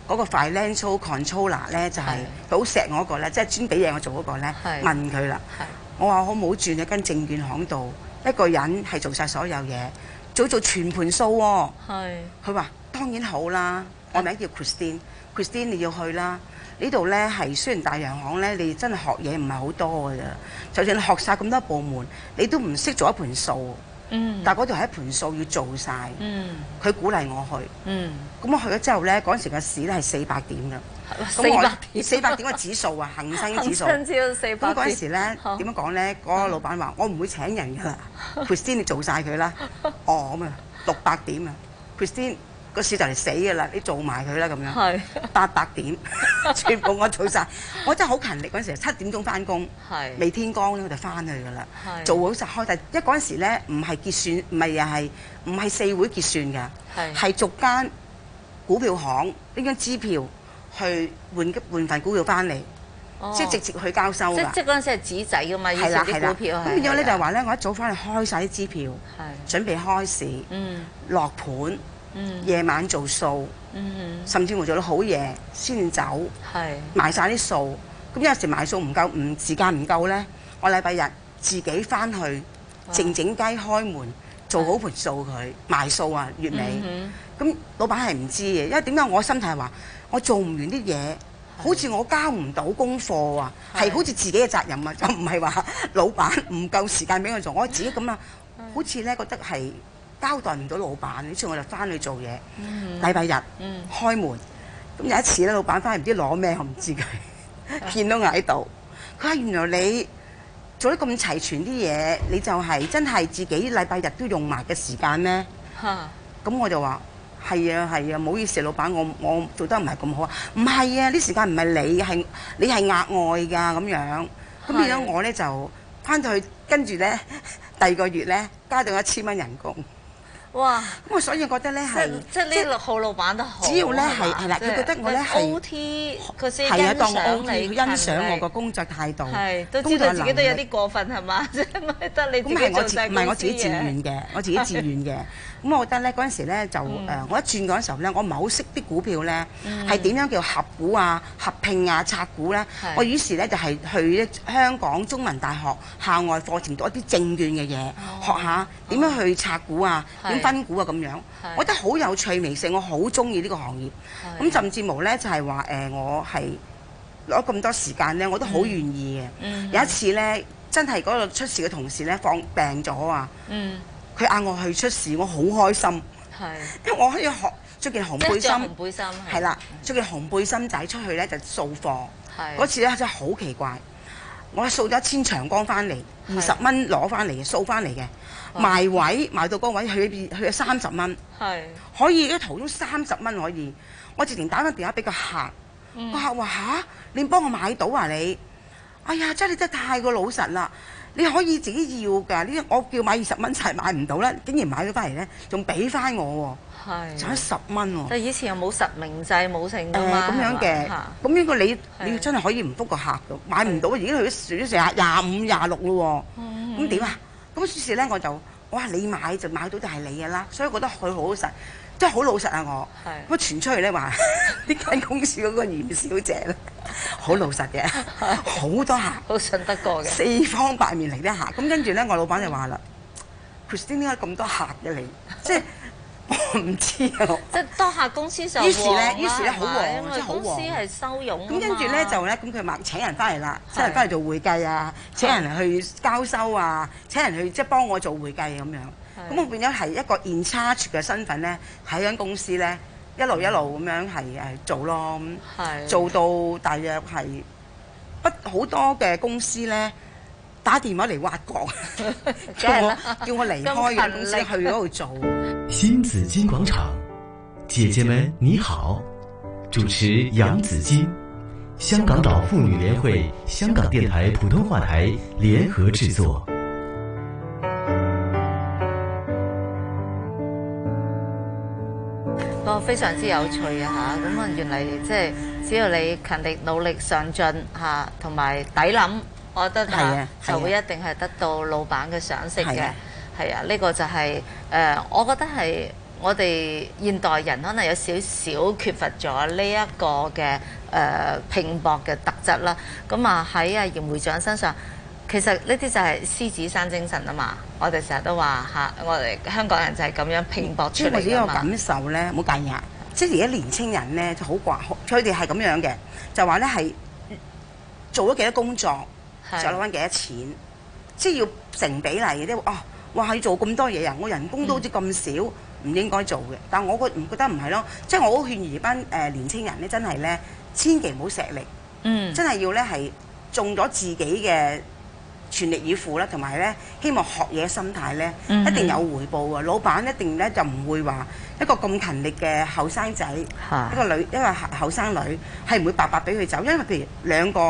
嗰個 Financial Controller 咧，就係佢好錫我嗰個咧，即係專俾嘢我做嗰個咧，問佢啦。我話我好唔好轉一間證券行度，一個人係做曬所有嘢。做做全盤數，哦，佢話當然好啦，我名叫 Christine、啊、Christine 你要去啦。這裡呢度咧係雖然大洋行咧，你真係學嘢唔係好多㗎咋。就算你學晒咁多部門，你都唔識做一盤數。嗯，但嗰度係一盤數要做晒。嗯，佢鼓勵我去。嗯，咁我去咗之後咧，嗰陣時嘅市咧係四百點四百點，四百點嘅指數啊，恒生指數。咁嗰陣時咧，點、oh. 樣講咧？嗰、那個老闆話：mm. 我唔會請人㗎啦，Christine， 你做晒佢啦。哦，咁啊，六百點啊，Christine，個市就嚟死㗎啦，你做埋佢啦咁樣。係。八百點， 全部我做晒。 我真係好勤力嗰陣時，七點鐘翻工， 未天光咧我就翻去㗎啦。 做好晒開，但係一嗰陣時咧，唔係結算，唔係又係，唔係四會結算㗎，係 逐間股票行拎張支票。去換換份股票翻嚟，即、哦、係直接去交收㗎。即即嗰陣時係紙仔㗎嘛，以前啲股票咁變咗咧，就係話咧，我一早翻去開晒啲支票，準備開市，嗯、落盤，夜、嗯、晚做數、嗯，甚至乎做到好夜先走，賣晒啲數。咁有時賣數唔夠，唔時間唔夠咧，我禮拜日自己翻去靜靜雞開門做好盤數佢賣數啊。月尾咁，嗯、老闆係唔知嘅，因為點解我心態係話。我做唔完啲嘢，好似我交唔到功課啊，係好似自己嘅責任啊，就唔係話老闆唔夠時間俾我做，我自己咁啊，好似咧覺得係交代唔到老闆，於是我就翻去做嘢，禮、mm、拜 -hmm. 日、mm -hmm. 開門。咁有一次咧，老闆翻嚟唔知攞咩，我唔知佢見到我喺度，佢話、mm -hmm. 原來你做得咁齊全啲嘢，你就係真係自己禮拜日都用埋嘅時間咩？咁、mm -hmm. 我就話。係啊係啊，唔好意思，老闆我我做得唔係咁好啊，唔係啊，呢時間唔係你係你係額外㗎咁樣，咁變咗我咧就返到去跟住咧第二個月咧加到一千蚊人工。哇！咁，嗯，我所以覺得咧係即即呢六號老闆都好。只要咧係係啦，佢覺得我咧係 OT，佢先欣賞你，欣賞我個工作態度。係都知道自己都有啲過分係嘛，即係唔係得你自己做係我自唔係我自己自願嘅，我自己自願嘅。咁我覺得咧，嗰陣時咧就誒、嗯呃，我一轉嗰陣時候咧，我唔係好識啲股票咧，係、嗯、點樣叫合股啊、合併啊、拆股咧、啊。我於是咧就係、是、去咧香港中文大學校外課程讀一啲證券嘅嘢、哦，學下點樣去拆股啊、點、哦、分股啊咁樣。我覺得好有趣味性，我好中意呢個行業。咁甚至無咧就係話誒，我係攞咁多時間咧，我都好願意嘅、嗯。有一次咧，真係嗰個出事嘅同事咧放病咗啊。嗯。佢嗌我去出事，我好開心，因為我可以紅着件紅背心，係、就、啦、是，著件紅背心仔出去咧就掃貨。嗰次咧真係好奇怪，我掃咗一千長江翻嚟，二十蚊攞翻嚟，掃翻嚟嘅埋位埋到嗰位去去咗三十蚊，可以喺途中三十蚊可以，我直情打個電話俾個客，個、嗯、客話嚇你幫我買到啊你，哎呀真係你真係太過老實啦。你可以自己要㗎，呢啲我叫買二十蚊一齊買唔到咧，竟然買咗翻嚟咧，仲俾翻我喎，賺十蚊喎。但係以前又冇實名制，冇成㗎咁樣嘅，咁應該你的你真係可以唔覆個客㗎，買唔到。而家佢都算成廿五廿六嘞喎，咁點啊？咁於是咧我就，我話你買就買到就係你㗎啦，所以我覺得佢好好實。即係好老實啊！我咁傳出去咧話，呢間公司嗰個嚴小姐咧好老實嘅，好多客，好信得過嘅，四方八面嚟啲客。咁跟住咧，我老闆就話啦 Christine 點解咁多客嘅你、 啊？即係我唔知啊！即係多客公司上，於是咧，於是咧好旺，好旺。因為公司係收傭。咁跟住咧、嗯、就咧，咁佢問請人翻嚟啦，請人翻嚟做會計啊，請人去交收啊，請人去即係幫我做會計咁、啊、樣。咁我變咗係一個 in charge 嘅身份咧，喺間公司咧一路一路咁樣係誒做咯，咁做到大約係不好多嘅公司咧打電話嚟挖角，叫 我叫我離開間公司去嗰度做。新紫荊廣場，姐姐們你好，主持楊子矜，香港島婦女聯會、香港電台普通話台聯合製作。非常之有趣啊！吓，咁啊，原嚟即係只要你勤力、努力上進吓，同埋抵諗，我覺得嚇就會一定係得到老闆嘅賞識嘅。係啊，呢、這個就係、是、誒我覺得係我哋現代人可能有少少缺乏咗呢一個嘅誒、呃、拼搏嘅特質啦。咁啊，喺啊嚴會長身上。其實呢啲就係獅子山精神啊嘛！我哋成日都話嚇、啊，我哋香港人就係咁樣拼搏出嚟呢嘛。個感受咧，冇介意。即係而家年青人咧就好掛，佢哋係咁樣嘅，就話咧係做咗幾多工作就攞翻幾多錢，是即係要成比例嗰啲。哦、啊，哇！要做咁多嘢啊！我人工都好似咁少，唔、嗯、應該做嘅。但我覺唔覺得唔係咯？即係我好勸誒班年青人咧，真係咧千祈唔好錫力，嗯，真係要咧係中咗自己嘅。全力以赴啦，同埋咧希望學嘢心態咧，一定有回報喎。老闆一定咧就唔會話一個咁勤力嘅後生仔，一個女，一個後生女係唔會白白俾佢走。因為譬如兩個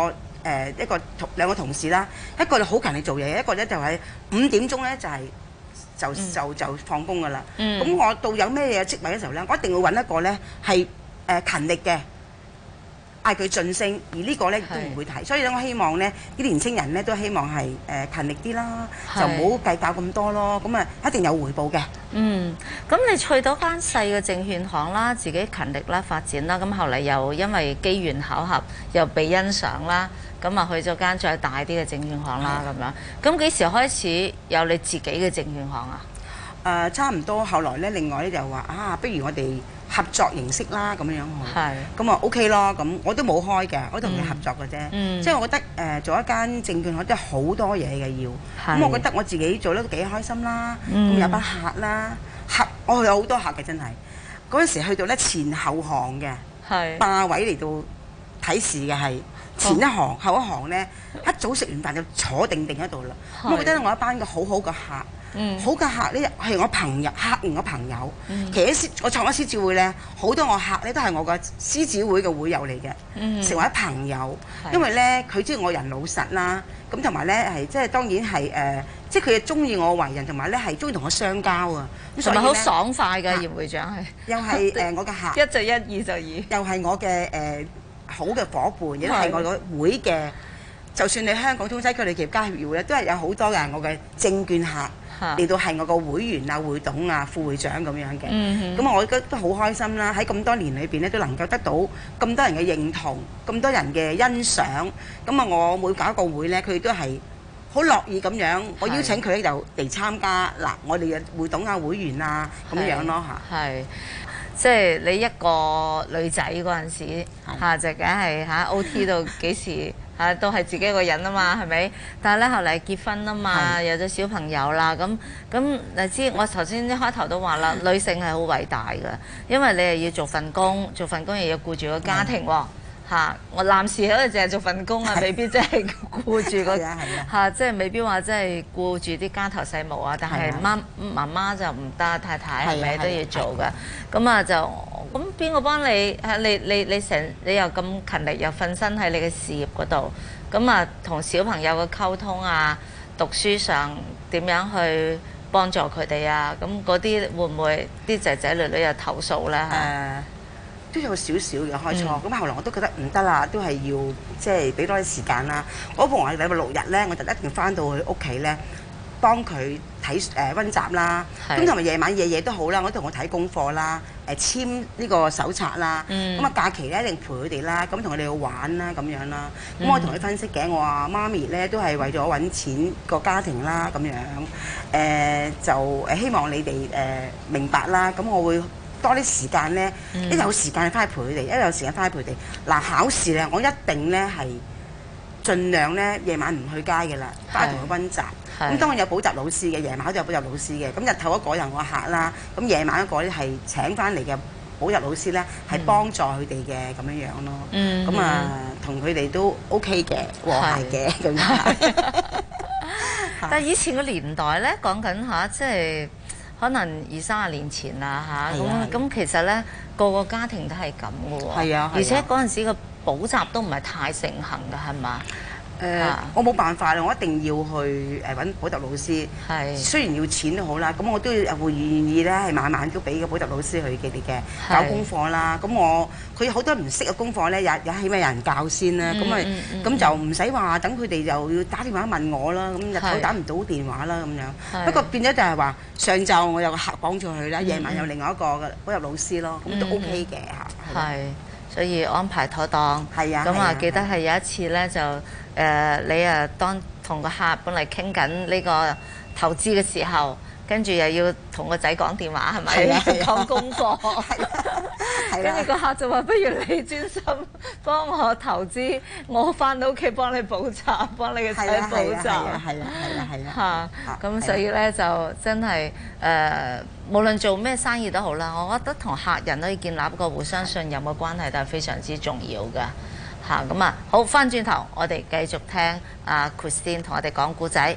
誒一個同兩個同事啦，一個就好勤力做嘢，一個咧就係五點鐘咧就係就就就放工㗎喇。咁我到有咩嘢職位嘅時候咧，我一定會揾一個咧係誒勤力嘅。嗌佢晉升，而這個呢個咧都唔會提，所以咧我希望咧啲年青人咧都希望係誒勤力啲啦，就唔好計較咁多咯，咁啊一定有回報嘅。嗯，咁你去到間細嘅證券行啦，自己勤力啦發展啦，咁後嚟又因為機緣巧合又被欣賞啦，咁啊去咗間再大啲嘅證券行啦，咁樣，咁幾時開始有你自己嘅證券行啊？誒、呃，差唔多，後來咧，另外咧就話啊，不如我哋。合作形式啦，咁樣樣，咁啊 OK 咯，咁我都冇開嘅，我同佢合作嘅啫、嗯嗯，即係我覺得誒、呃、做一間證券行都係好多嘢嘅要，咁我覺得我自己做得都幾開心啦，咁、嗯、有班客啦，客我有好多客嘅真係，嗰陣時去到咧前後行嘅，霸位嚟到睇市嘅係前一行、哦、後一行咧，一早食完飯就坐定定喺度啦，我覺得我有一班嘅好好嘅客。嗯、好嘅客呢係我朋友，客人嘅朋友、嗯。其實我創開獅子會咧，好多我客咧都係我嘅獅子會嘅會友嚟嘅，成、嗯、為朋友。因為咧佢知道我人老實啦，咁同埋咧係即當然係即係佢中意我為人，同埋咧係中意同我相交啊。咁同埋好爽快嘅，葉會長又係我嘅客 一就一，二就二，又係我嘅、呃、好嘅伙伴，亦都係我嘅會嘅。就算你香港中西區嘅企業家協會咧，都係有好多嘅我嘅證券客。嚟到係我個會員啊、會董啊、副會長咁樣嘅，咁、嗯、啊我得都好開心啦！喺咁多年裏面咧，都能夠得到咁多人嘅認同，咁多人嘅欣賞，咁啊我每搞一個會咧，佢都係好樂意咁樣，我邀請佢咧就嚟參加。嗱，我哋嘅會董啊、會員啊咁樣咯吓，即係、係、你一個女仔嗰陣時，下隻梗係吓 O T 到幾時？啊，都係自己一個人啊嘛，係咪？但係咧後嚟結婚啊嘛，有咗小朋友啦，咁咁，你知我頭先一開頭都話啦，女性係好偉大㗎，因為你係要做份工，做份工又要顧住個家庭喎。嚇！我男士喺度淨係做份工啊，是未必真係顧住個家，即係未必話真係顧住啲家頭細務啊。是但係媽是媽媽就唔得，太太係咪都要做噶？咁啊就咁邊個幫你嚇？你你你成你，你，你又咁勤力，又瞓身喺你嘅事業嗰度，咁啊同小朋友嘅溝通啊，讀書上點樣去幫助佢哋啊？咁嗰啲會唔會啲仔仔女女又投訴咧嚇？是的是的。都有少少嘅開錯，咁後來我都覺得唔得啦，都係要即係俾多啲時間啦。我逢禮拜六日咧，我就一定翻到去屋企咧，幫佢睇誒温習啦。咁同埋夜晚夜夜都好啦，我都同佢睇功課啦，誒簽呢個手冊啦。咁啊假期咧一定陪佢哋啦，咁同佢哋去玩啦咁樣啦。咁我同佢分析嘅，我話媽咪咧都係為咗揾錢個家庭啦咁樣。誒就誒希望你哋誒明白啦。咁我會。多啲時間咧，一有時間翻去陪佢哋，一、嗯、有時間翻去陪佢哋。嗱考試咧，我一定咧係盡量咧夜晚唔去街嘅啦，翻去同佢温習。咁當然有補習老師嘅，夜晚都有補習老師嘅。咁日頭一個人我客啦，咁夜晚一個咧係請翻嚟嘅補習老師咧，係幫助佢哋嘅咁樣樣咯。咁、嗯、啊，同佢哋都 OK 嘅，和諧嘅咁樣。 但係以前個年代咧，講緊吓即係。就是可能二三十年前啦吓，咁咁其實咧個個家庭都係咁嘅喎，而且嗰陣時個補習都唔係太盛行㗎，係嘛？誒，我冇辦法啦，我一定要去誒揾補習老師。係，雖然要錢都好啦，咁我都要會願意咧，係晚晚都俾個補習老師去佢哋嘅搞功課啦。咁我佢有好多唔識嘅功課咧，又又起碼有人教先啦。咁咪咁就唔使話等佢哋又要打電話問我啦。咁日頭打唔到電話啦，咁樣。不過變咗就係話，上晝我有個客綁住佢啦，夜晚有另外一個嘅補習老師咯，咁都 OK 嘅嚇。係。所以安排妥當，係啊。咁啊記得係有一次咧就誒、啊呃啊、你啊，啊當同個客本嚟傾緊呢個投資嘅時候，跟住又要同個仔講電話係咪係啊講工作？ 跟住個客就話：不如你專心幫我投資，我翻到屋企幫你補習，幫你嘅仔補習。係啦，係啦，係啦，係啦。嚇！咁所以咧就真係誒，無論做咩生意都好啦，我覺得同客人都要建立一個互相信任嘅關係，都係非常之重要嘅。嚇！咁啊，啊好翻轉頭，我哋繼續聽阿 Christine 同我哋講故仔。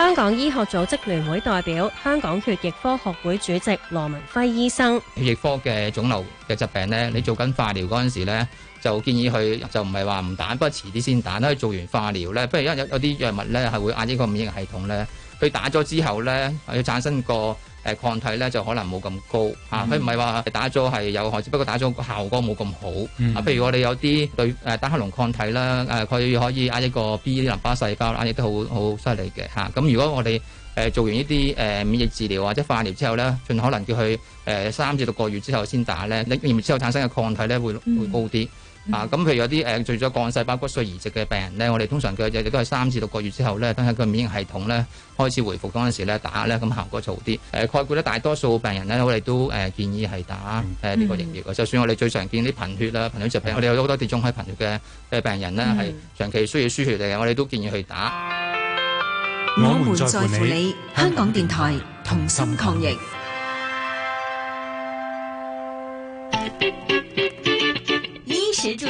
香港醫學組織聯會代表、香港血液科學會主席羅文輝醫生：血液科嘅腫瘤嘅疾病呢，你做緊化療嗰陣時呢，就建議佢就唔係話唔打，不過遲啲先打啦。做完化療呢，不如因為有有啲藥物呢係會壓抑呢個免疫系統呢，佢打咗之後呢，要產生個。誒、呃、抗體咧就可能冇咁高嚇，佢唔係話打咗係有害，只不過打咗個效果冇咁好、嗯。啊，譬如我哋有啲對誒單克隆抗體啦，誒、呃、佢可以壓一個 B 淋巴細胞壓亦都好好犀利嘅嚇。咁如果我哋誒、呃、做完呢啲誒免疫治療或者化療之後咧，盡可能叫佢誒三至六個月之後先打咧，你然之後產生嘅抗體咧會、嗯、會高啲。啊，咁譬如有啲誒，除咗幹細胞骨髓移植嘅病人咧，我哋通常嘅日日都係三至六個月之後咧，等下個免疫系統咧開始回復嗰陣時咧打咧，咁效果就好啲。誒、呃，概括咧大多數病人咧，我哋都誒建議係打誒呢個疫苗嘅、嗯。就算我哋最常見啲貧血啦、貧血疾病，嗯、我哋有好多地中海貧血嘅誒病人咧係長期需要輸血嚟嘅，我哋都建議去打。我們在乎你，香港電台同心抗疫。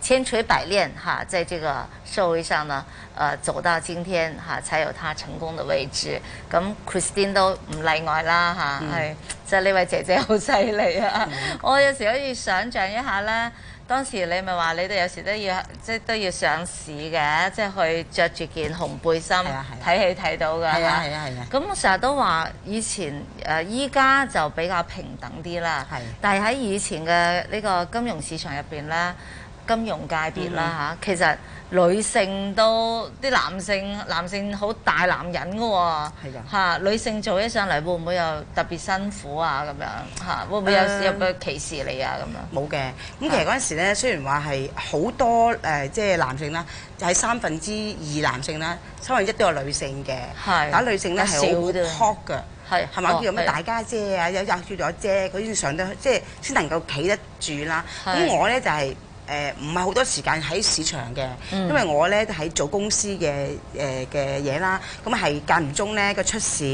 千錘百煉哈，在這個社會上呢，呃，走到今天哈，啊，才有他成功的位置。咁 Christine 都唔例外啦哈，係，啊，即係呢位姐姐好犀利啊，嗯！我有時可以想象一下咧，當時你咪話你哋有時都要即係都要上市嘅，即、就、係、是、去着住件紅背心睇，嗯，戲睇到噶。係啊係啊係啊！咁我成日都話以前誒，依，呃，家就比較平等啲啦。係。但係喺以前嘅呢個金融市場入邊咧，金融界別啦嚇，mm -hmm. 其實女性都啲男性，男性好大男人噶喎嚇，女性做起上嚟會唔會又特別辛苦啊咁樣嚇？會唔會有、嗯、有個歧視你啊咁樣？冇嘅，咁其實嗰陣時咧，雖然話係好多誒，即係男性啦，就係、是、三分之二男性啦，三分一都有女性嘅，但係女性咧係好 hot 噶，係嘛、哦？叫做咩大家姐啊，有有叫做阿姐，佢要上得去即係先能夠企得住啦。咁我咧就係、是。誒唔係好多時間喺市場嘅，嗯、因為我咧喺做公司嘅誒嘅嘢啦，咁係間唔中咧個出事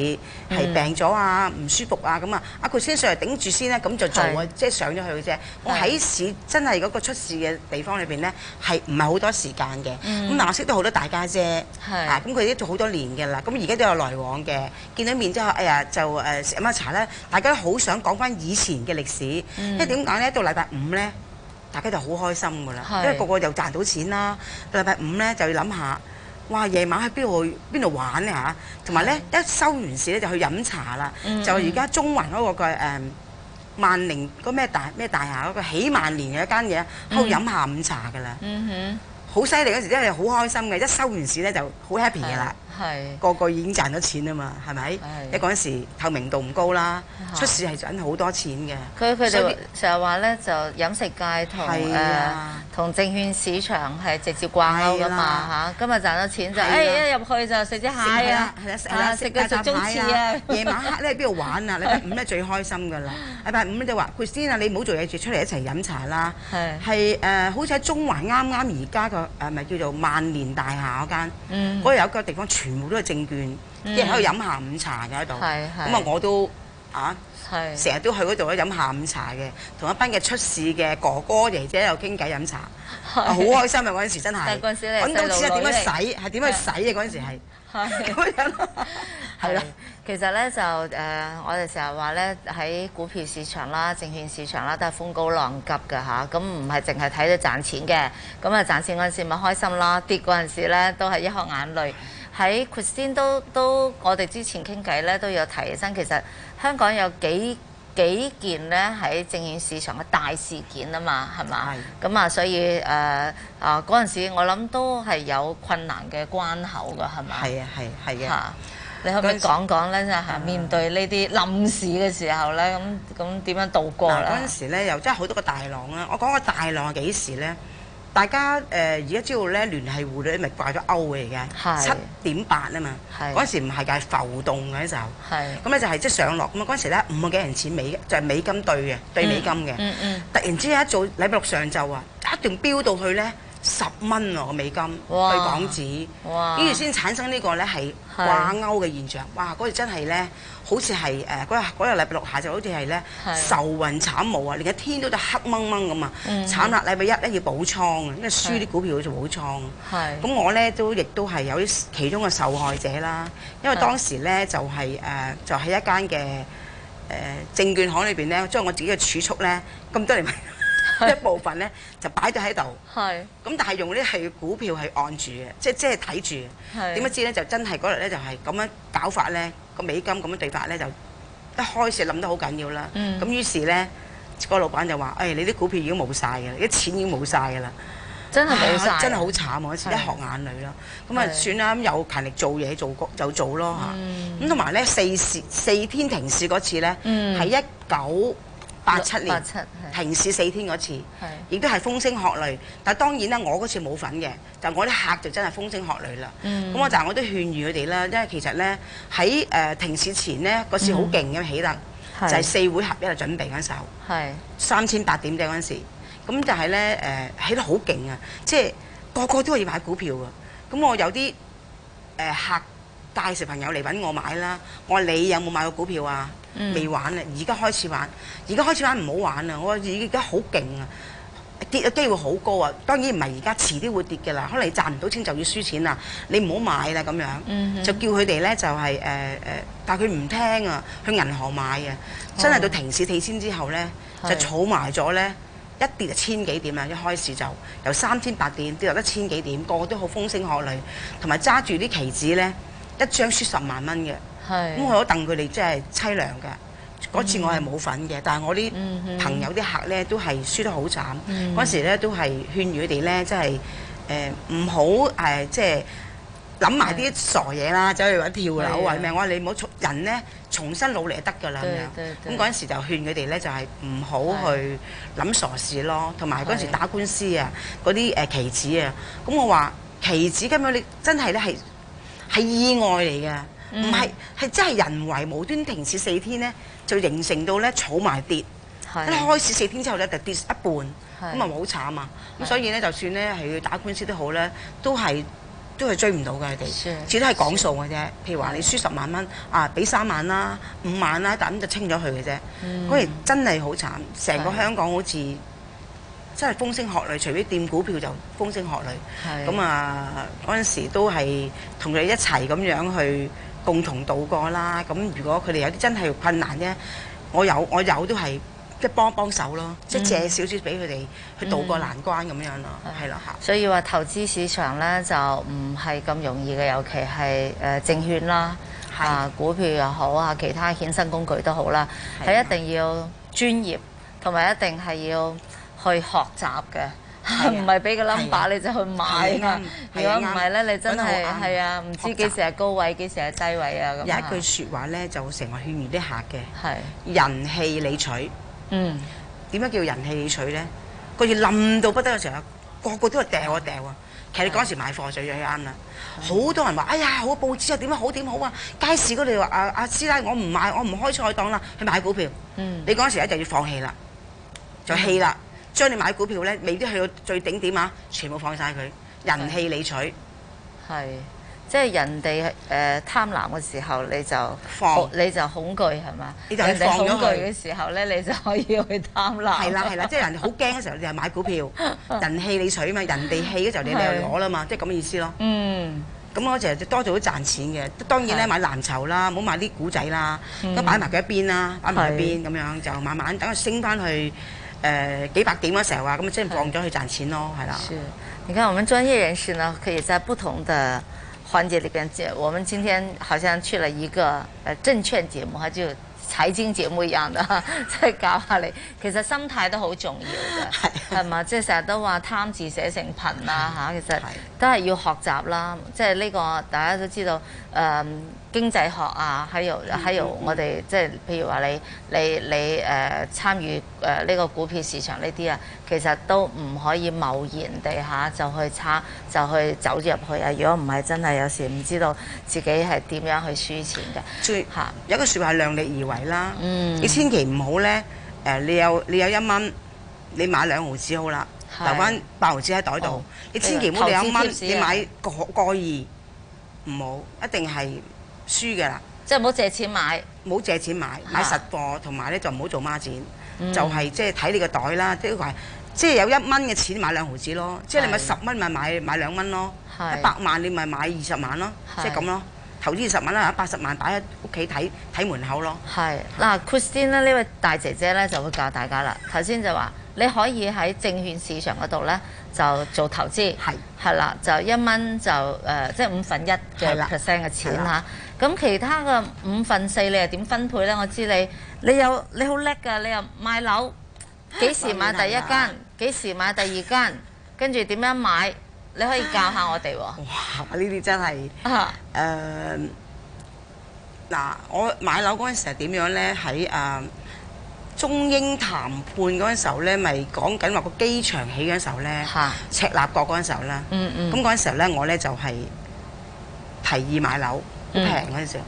係病咗啊，唔、嗯、舒服啊，咁啊啊佢先上嚟頂住先咧，咁就做啊，是即係上咗去嘅啫。我喺市真係嗰個出事嘅地方裏邊咧，係唔係好多時間嘅？咁嗱、嗯、我識到好多大家姐，啊咁佢都做好多年嘅啦，咁而家都有來往嘅，見到面之後，哎呀就誒飲、呃、下，下茶咧，大家都好想講翻以前嘅歷史，即、嗯、為點講咧？到禮拜五咧。大家就好開心噶啦，因為個個又賺到錢啦。禮拜五咧就要諗下，哇夜晚喺邊度邊度玩咧嚇、啊，同埋咧一收完市咧就去飲茶啦、嗯嗯。就而家中環嗰、那個嗰個嘅誒、嗯、萬寧嗰咩大咩大廈嗰、嗰個喜萬年嘅一間嘢，喺度飲下午茶噶啦。好犀利，嗰時真係好開心嘅，一收完市咧就好 happy 噶啦。個個已經賺咗錢啊嘛，係咪？你嗰陣時透明度唔高啦，出事係賺好多錢嘅。佢佢就成日話咧，就飲食界同誒同證券市場係直接掛鈎噶嘛嚇。今日賺咗錢就誒一入去就、啊、食啲食啲食隻、啊、蟹啊 啊說剛剛，啊！係啦，食嘅就中翅啊，夜晚黑咧邊度玩啊？禮拜五咧最開心㗎啦！禮拜五咧就話豁先啊，你唔好做嘢住，出嚟一齊飲茶啦。係誒，好似喺中環啱啱而家個誒咪叫做萬年大廈嗰間，嗰度、嗯、有個地方全部都係證券，啲人喺度飲下午茶嘅喺度，咁啊，我都啊，成日都去嗰度咧飲下午茶嘅，同一班嘅出事嘅哥哥姐姐喺度傾偈飲茶，好開心啊！嗰陣時真係揾到錢點樣使，係點樣使啊？嗰陣時係咁樣咯，係咯。其實咧就誒，我哋成日話咧喺股票市場啦、證券市場啦，都係風高浪急㗎吓。咁唔係淨係睇到賺錢嘅，咁啊賺錢嗰陣時咪開心啦，跌嗰陣時咧都係一殼眼淚。喺擴先都都，我哋之前傾偈咧都有提起身，其實香港有幾幾件咧喺證券市場嘅大事件啊嘛，係嘛？咁啊，所以誒啊嗰陣時，我諗都係有困難嘅關口㗎，係嘛？係啊，係係嘅嚇。你可唔可以講講咧？即係面對呢啲臨時嘅時候咧，咁咁點樣度過咧？嗰陣時咧，又真係好多個大浪啊。我講個大浪係幾時咧？大家誒而家知道咧聯繫匯率咪掛咗鈎嘅，而家七點八啊嘛，嗰陣時唔係㗎，係浮動嘅嗰陣時候，咁咧就係即上落咁啊。嗰時咧五個幾人錢美就係、是、美金兌嘅兌美金嘅、嗯嗯嗯，突然之間一早禮拜六上晝啊，一頓飆到去咧。十蚊啊個美金哇去港紙，跟住先產生呢個咧係掛鈎嘅現象。哇！嗰時真係咧，好似係誒嗰日嗰日禮拜六下就好似係咧愁雲慘霧啊，連個天都得黑掹掹咁啊！慘啦禮拜一咧要補倉啊，因為輸啲股票要補倉。係。咁我咧都亦都係有啲其中嘅受害者啦，因為當時咧就係、是、誒、uh, 就喺一間嘅誒證券行裏邊咧，將、就是、我自己嘅儲蓄咧咁多年。一部分咧就擺咗喺度，咁但係用啲係股票係按住嘅，即即係睇住嘅。點解知咧？就真係嗰日咧就係、是、咁樣搞法咧，個美金咁樣對法咧就一開始諗得好緊要啦。咁、嗯、於是咧、嗰個老闆就話，誒、哎、你啲股票已經冇晒㗎啦，啲錢已經冇晒㗎啦。真係冇曬，真係好慘嗰次，一殼眼淚啦。咁啊算啦，咁有勤力做嘢做就做咯嚇。咁同埋咧四時四天停市嗰次咧，喺一九八七年八七停市四天嗰次，亦都係風聲鶴唳。但係當然啦，我嗰次冇份嘅，但係我啲客就真係風聲鶴唳啦。咁、嗯、我就我都勸喻佢哋啦，因為其實咧喺誒停市前咧，個市好勁咁起得，是就係、是、四會合一準準備嗰陣時候，係三千八點啫嗰陣時候，咁就係咧誒起得好勁啊，即係個個都可以買股票㗎。咁我有啲誒、呃、客。介紹朋友嚟揾我買啦。我話你有冇買過股票啊？嗯、未玩啊，而家開始玩。而家開始玩唔好玩啊？我而家好勁啊，跌嘅機會好高啊。當然唔係而家遲啲會跌嘅啦。可能你賺唔到錢就要輸錢啦。你唔好買啦咁樣，嗯，就叫佢哋呢，就係誒誒，但係佢唔聽啊，去銀行買啊，真、哦、係到停市四千之後呢，就儲埋咗呢。一跌就千幾點啊！一開始就由三千八點跌落一千幾點，個個都好風聲鶴唳，同埋揸住啲棋子呢。一張輸十萬蚊嘅，咁我都戥佢哋即係淒涼嘅。嗰次我係冇份嘅，但係我啲朋友啲客咧都係輸得好慘。嗰時咧都係勸住佢哋咧，即係誒唔好誒即係諗埋啲傻嘢啦，走去揾跳樓啊！咩我話你唔好重人咧，重新努力就得㗎啦咁樣。咁嗰陣時就勸佢哋咧，就係唔好去諗傻事咯。同埋嗰陣時打官司啊，嗰啲誒棋子啊，咁我話棋子根本你真係咧係。係意外嚟嘅，唔係係真係人為無端停止四天咧，就形成到咧儲埋跌。一開始四天之後咧就跌一半，咁啊好慘啊！咁所以咧，就算咧係要打官司都好咧，都係都係追唔到嘅。佢哋只都係講數嘅啫。譬如話你輸十萬蚊啊，俾三萬啦、五萬啦，等就清咗佢嘅啫。嗰、嗯、時真係好慘，成個香港好似～像真係風聲鶴唳，除非掂股票就風聲鶴唳。咁啊，嗰陣時都係同佢哋一齊咁樣去共同渡過啦。咁如果佢哋有啲真係困難啫，我有我有都係即係幫幫手咯，即係借少少俾佢哋去渡過難關咁樣咯。係咯，嚇。所以話投資市場咧就唔係咁容易嘅，尤其係誒證券啦啊股票又好啊，其他衍生工具都好啦，係一定要專業同埋一定係要。去學習嘅，唔係俾個 number、啊、你就去買㗎。如果唔係咧，你真係係啊，唔知幾時係高位，幾時係低位啊咁。有一句説話咧，就成日勸住啲客嘅，人棄你取，點、嗯、樣叫人棄你取咧、嗯？個市冧到不得嘅時候，個個都話掉啊掉啊。其實你嗰時買貨就最啱啦。好、嗯、多人話：哎呀，好嘅報紙啊，點樣好點好啊！街市嗰度話：阿、啊、阿師奶，我唔買，我唔開菜檔啦，去買股票。嗯、你嗰時一定要放棄啦，就棄啦。嗯。將你買股票咧，未必去到最頂點啊，全部放晒佢，人氣你取。係，即係人哋誒、呃、貪婪嘅時候，你就放，你就恐懼係嘛？你就放人哋恐懼嘅時候咧，你就可以去貪婪。係啦係啦，即係人哋好驚嘅時候，你就買股票， 人氣你取啊嘛。人哋氣嘅時候，你你去攞啦嘛，即係咁嘅意思咯。嗯。咁我就多做都賺錢嘅，當然咧買藍籌啦，唔好買啲股仔啦，都擺埋佢一邊啦，擺埋一邊咁樣，就慢慢等佢升翻去。誒、呃、幾百點嗰時候話咁啊，即係望咗去賺錢咯，係啦。是，你看我們專業人士呢，可以在不同的環節裏邊。即係我們今天好像去了一個誒、呃、證券節目，就財經節目一樣的，即 係搞下你。其實心態都好重要的，係 嘛？即係成日都話貪字寫成貧啊嚇，其實都係要學習啦。即係呢個大家都知道誒。呃經濟學啊，喺度喺度，我哋即係譬如話你你你誒、呃、參與誒呢個股票市場呢啲啊，其實都唔可以貿然地下、啊、就去差，就去走入去啊！如果唔係真係有時唔知道自己係點樣去輸錢嘅。最有一句説話量力而為啦、嗯，你千祈唔好咧誒！你有你有一蚊，你買兩毫子好啦，留翻八毫子喺袋度、哦。你千祈唔好你兩蚊，你買個個二唔好，一定係。輸嘅啦，即係唔好借錢買，唔好借錢買，買實貨，同埋咧就唔好做孖展，嗯、就係即係睇你個袋啦。即係即係有一蚊嘅錢買兩毫紙咯，即係你咪十蚊咪買買兩蚊咯，一百萬你咪買二十萬咯，即係咁咯。投資二十萬啦，八十萬擺喺屋企睇睇門口咯、啊。係嗱、啊，括先啦，呢位大姐姐咧就會教大家啦。頭先就話你可以喺證券市場嗰度咧就做投資，係係啦，就一蚊就誒即係五分一嘅 percent 嘅錢嚇、啊。咁其他嘅五份四你又點分配咧？我知你，你有你好叻噶你又買樓，幾時買第一間？幾時買第二間？跟住點樣買？你可以教下我哋喎。哇！呢啲真係。誒、啊，嗱、呃，我買樓嗰陣時係點樣咧？喺誒、呃、中英談判嗰陣時候咧，咪講緊話個機場起嗰陣時候咧、啊，赤鱲角嗰陣時候咧，嗯嗯。咁嗰陣時候咧，我咧就係提議買樓。平嗰陣時，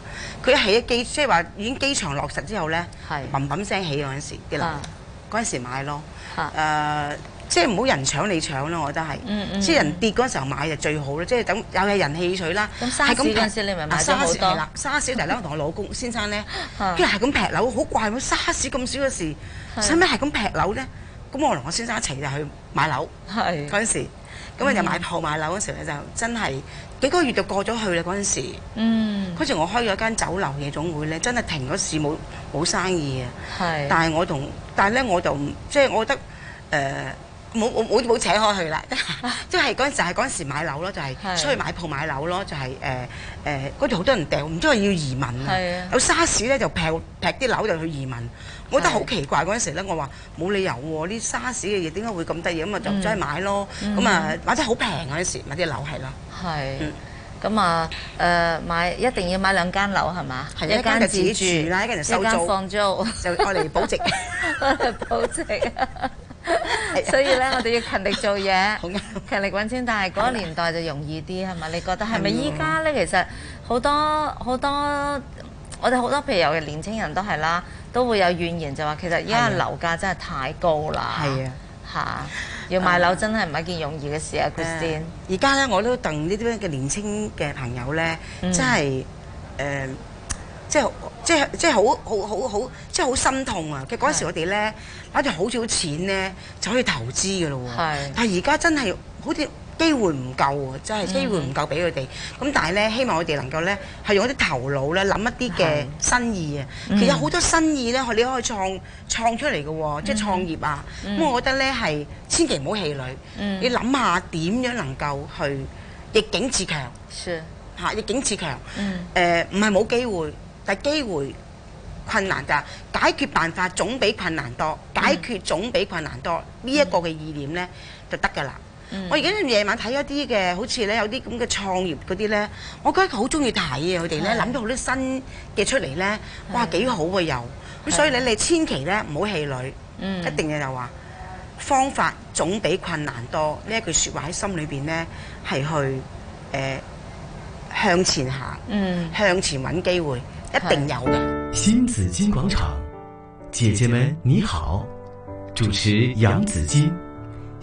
佢一起機，即係話已經機場落實之後咧，砰砰聲起嗰陣時啲樓，嗰陣時買咯。誒，即係唔好人搶你搶咯，我覺得係。嗯嗯。即係人跌嗰陣時候買就最好啦，即係等有嘢人氣起啦。咁沙士你咪買多好多。沙士嚟啦，我同我老公先生咧，跟住係咁劈樓，好怪喎！沙士咁少嘅事，使咩係咁劈樓咧？咁我同我先生一齊就去買樓。係。嗰陣時，咁我就買鋪買樓嗰時咧就真係。幾個月就過咗去啦，嗰時。嗯。嗰時我開咗間酒樓夜總會咧，真係停咗市冇冇生意啊。但係我同，但係咧我就，即、呃、係我覺得，誒、呃，冇冇冇扯開去啦。即係嗰時買樓咯，就係、是、出去買鋪買樓咯，就係誒誒，嗰陣好多人掟，唔鍾意要移民啊。有沙士咧就劈劈啲樓就去移民。我覺得好奇怪，嗰陣時咧，我話冇理由喎、啊，啲沙士嘅嘢點解會咁、嗯嗯、得意咁啊？就唔使買咯咁啊，或者好平嗰陣時買啲樓係啦，係咁啊，誒買一定要買兩間樓係嘛，一間自己住啦，一間收租一放租 就愛嚟保值，保值。所以咧，我哋要勤力做嘢， 勤力揾錢。但係嗰年代就容易啲係咪？你覺得係咪依家咧？其實好多好多我哋好多譬如有嘅年輕人都係啦。都會有怨言就話，其實而家樓價真係太高啦，嚇、啊啊啊！要買樓真係唔係一件容易嘅事啊，佢、嗯、先。而家咧，我都等呢啲嘅年輕嘅朋友咧，真係誒、嗯呃，即係即係即係好好好好，即係好心痛啊！其實嗰陣時候我呢，我哋咧反正好少錢咧就可以投資嘅咯喎，但係而家真係好似。機會唔夠喎，真係機會唔夠俾佢哋。咁、嗯、但係咧，希望我哋能夠咧，係用一啲頭腦咧，諗一啲嘅新意啊。其實好多新意咧，你可以創創出嚟嘅喎，即、嗯、係、就是、創業啊。咁、嗯、我覺得咧係千祈唔好氣餒，嗯、你諗下點樣能夠去逆境自強。是吓，逆境自強。誒、嗯，唔係冇機會，但係機會困難㗎、就是。解決辦法總比困難多，嗯、解決總比困難多。呢、嗯、一、個嘅意念咧，就得㗎啦。Mm. 我而家夜晚睇一啲嘅，好似咧有啲咁嘅創業嗰啲咧，我覺得佢好中意睇啊！佢哋咧諗到好多新嘅出嚟咧，哇、mm. 幾好喎又咁，mm. 所以你哋千祈咧唔好氣餒，mm. 一定嘅就話方法總比困難多、這個、說呢一句説話喺心裏邊咧係去誒向前行，向前揾、mm. 機會一定有嘅。新紫荊廣場，姐姐們你好，主持楊子矜。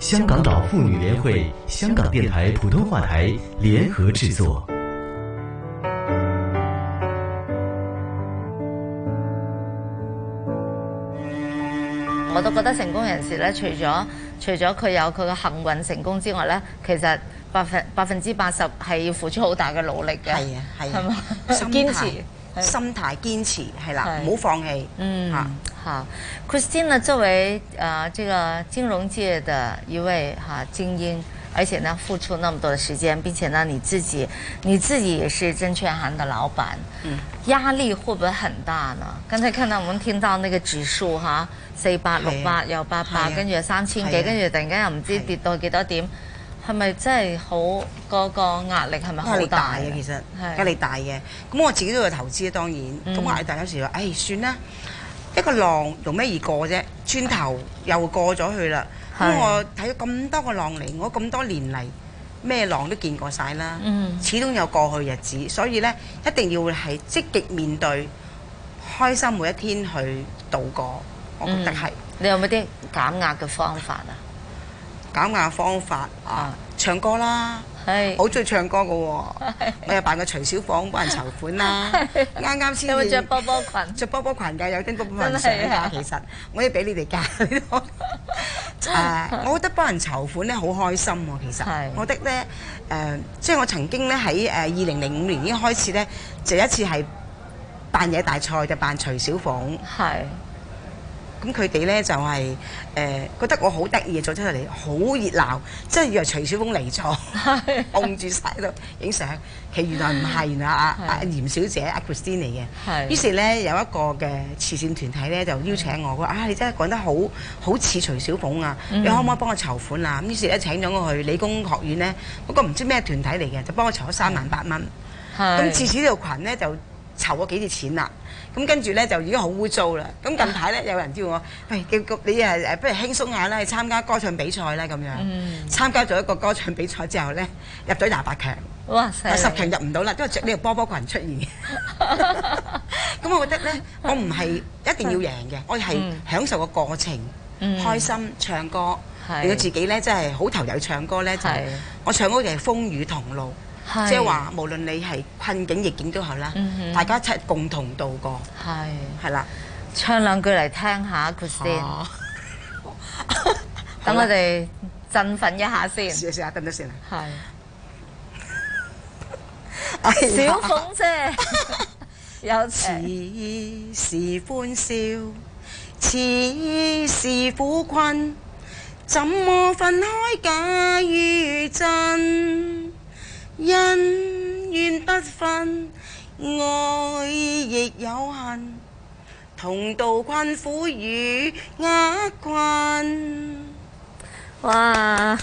香港島婦女聯會、香港電台普通話台聯合製作。我都覺得成功人士咧，除咗除咗佢有佢嘅幸運成功之外咧，其實百分百分之八十係要付出好大嘅努力嘅，係啊，係啊，堅持。心態堅持係啦，唔、嗯啊、好放棄嚇嚇。Christine 呢，作為誒、呃、這個金融界的一位嚇、啊、精英，而且呢付出那麼多的時間，並且呢你自己你自己也是證券行的老闆，壓、嗯、力會唔會很大啊？剛才睇到我們聽到那個指數嚇四八六八，又八八，跟住三千幾，跟住突然間又唔知跌到幾多點。係咪真係好嗰、嗰個壓力係咪好大嘅？其實壓力大嘅，咁我自己都有投資啊，當然咁、嗯、我喺有時話誒、哎、算啦，一個浪容咩而過啫，轉頭又過咗去啦，咁我睇咗咁多個浪嚟，我咁多年嚟咩浪都見過晒啦、嗯，始終有過去日子，所以咧一定要係積極面對，開心每一天去度過，我覺得係、嗯。你有冇啲減壓嘅方法啊？減壓方法啊，唱歌啦，好中意唱歌嘅喎、喔，我又扮個徐小鳳幫人籌款啦，啱啱先着波波裙，着波波裙㗎，有啲波波裙嘅、啊，其實我要俾你哋教，誒 ，uh, 我覺得幫人籌款咧好開心喎，其實、啊，我覺得咧誒，即、呃、係、就是、我曾經咧喺誒二零零五年已經開始咧，就一次係扮嘢大賽就扮徐小鳳。咁佢哋咧就係、是、誒、呃、覺得我好得意，做出嚟好熱鬧，即係以為徐小鳳嚟咗，擁 住晒喺度影相。其實 原來唔係，原來阿阿嚴小姐、阿、啊、Kristine 嘅。是於是咧有一個嘅慈善團體咧就邀請我，說啊，你真係講得好好似徐小鳳啊！你可唔可以幫我籌款啊？咁、嗯、於是咧請咗我去理工學院咧，嗰、那個唔知咩團體嚟嘅，就幫我籌咗三萬八蚊。咁至此呢條羣咧就籌咗幾啲錢啦。咁跟住咧就已經好污糟啦。咁近排咧有人叫我，喂，叫你啊，不如輕鬆下啦，去參加歌唱比賽啦咁樣、嗯。參加咗一個歌唱比賽之後咧，入咗廿八強。哇！十強入唔到啦，因為着呢條波波裙出現。咁 我覺得咧，我唔係一定要贏嘅，我係享受個過程，嗯、開心、嗯、唱歌，令到自己咧真係好投入去唱歌咧、就是。我唱歌就隻《風雨同路》。即係話，無論你係困境逆境都好啦、嗯，大家一齊共同渡過。係係啦，唱兩句嚟聽下，佢先。等、啊、 我哋振奮一下先。試下，試下，得唔得先啦。係。 小鳳峰姐， 有此時是歡笑，有時是苦困，怎麼分開假與真？恩怨不分，愛亦有恨，同道困苦與壓困。哇，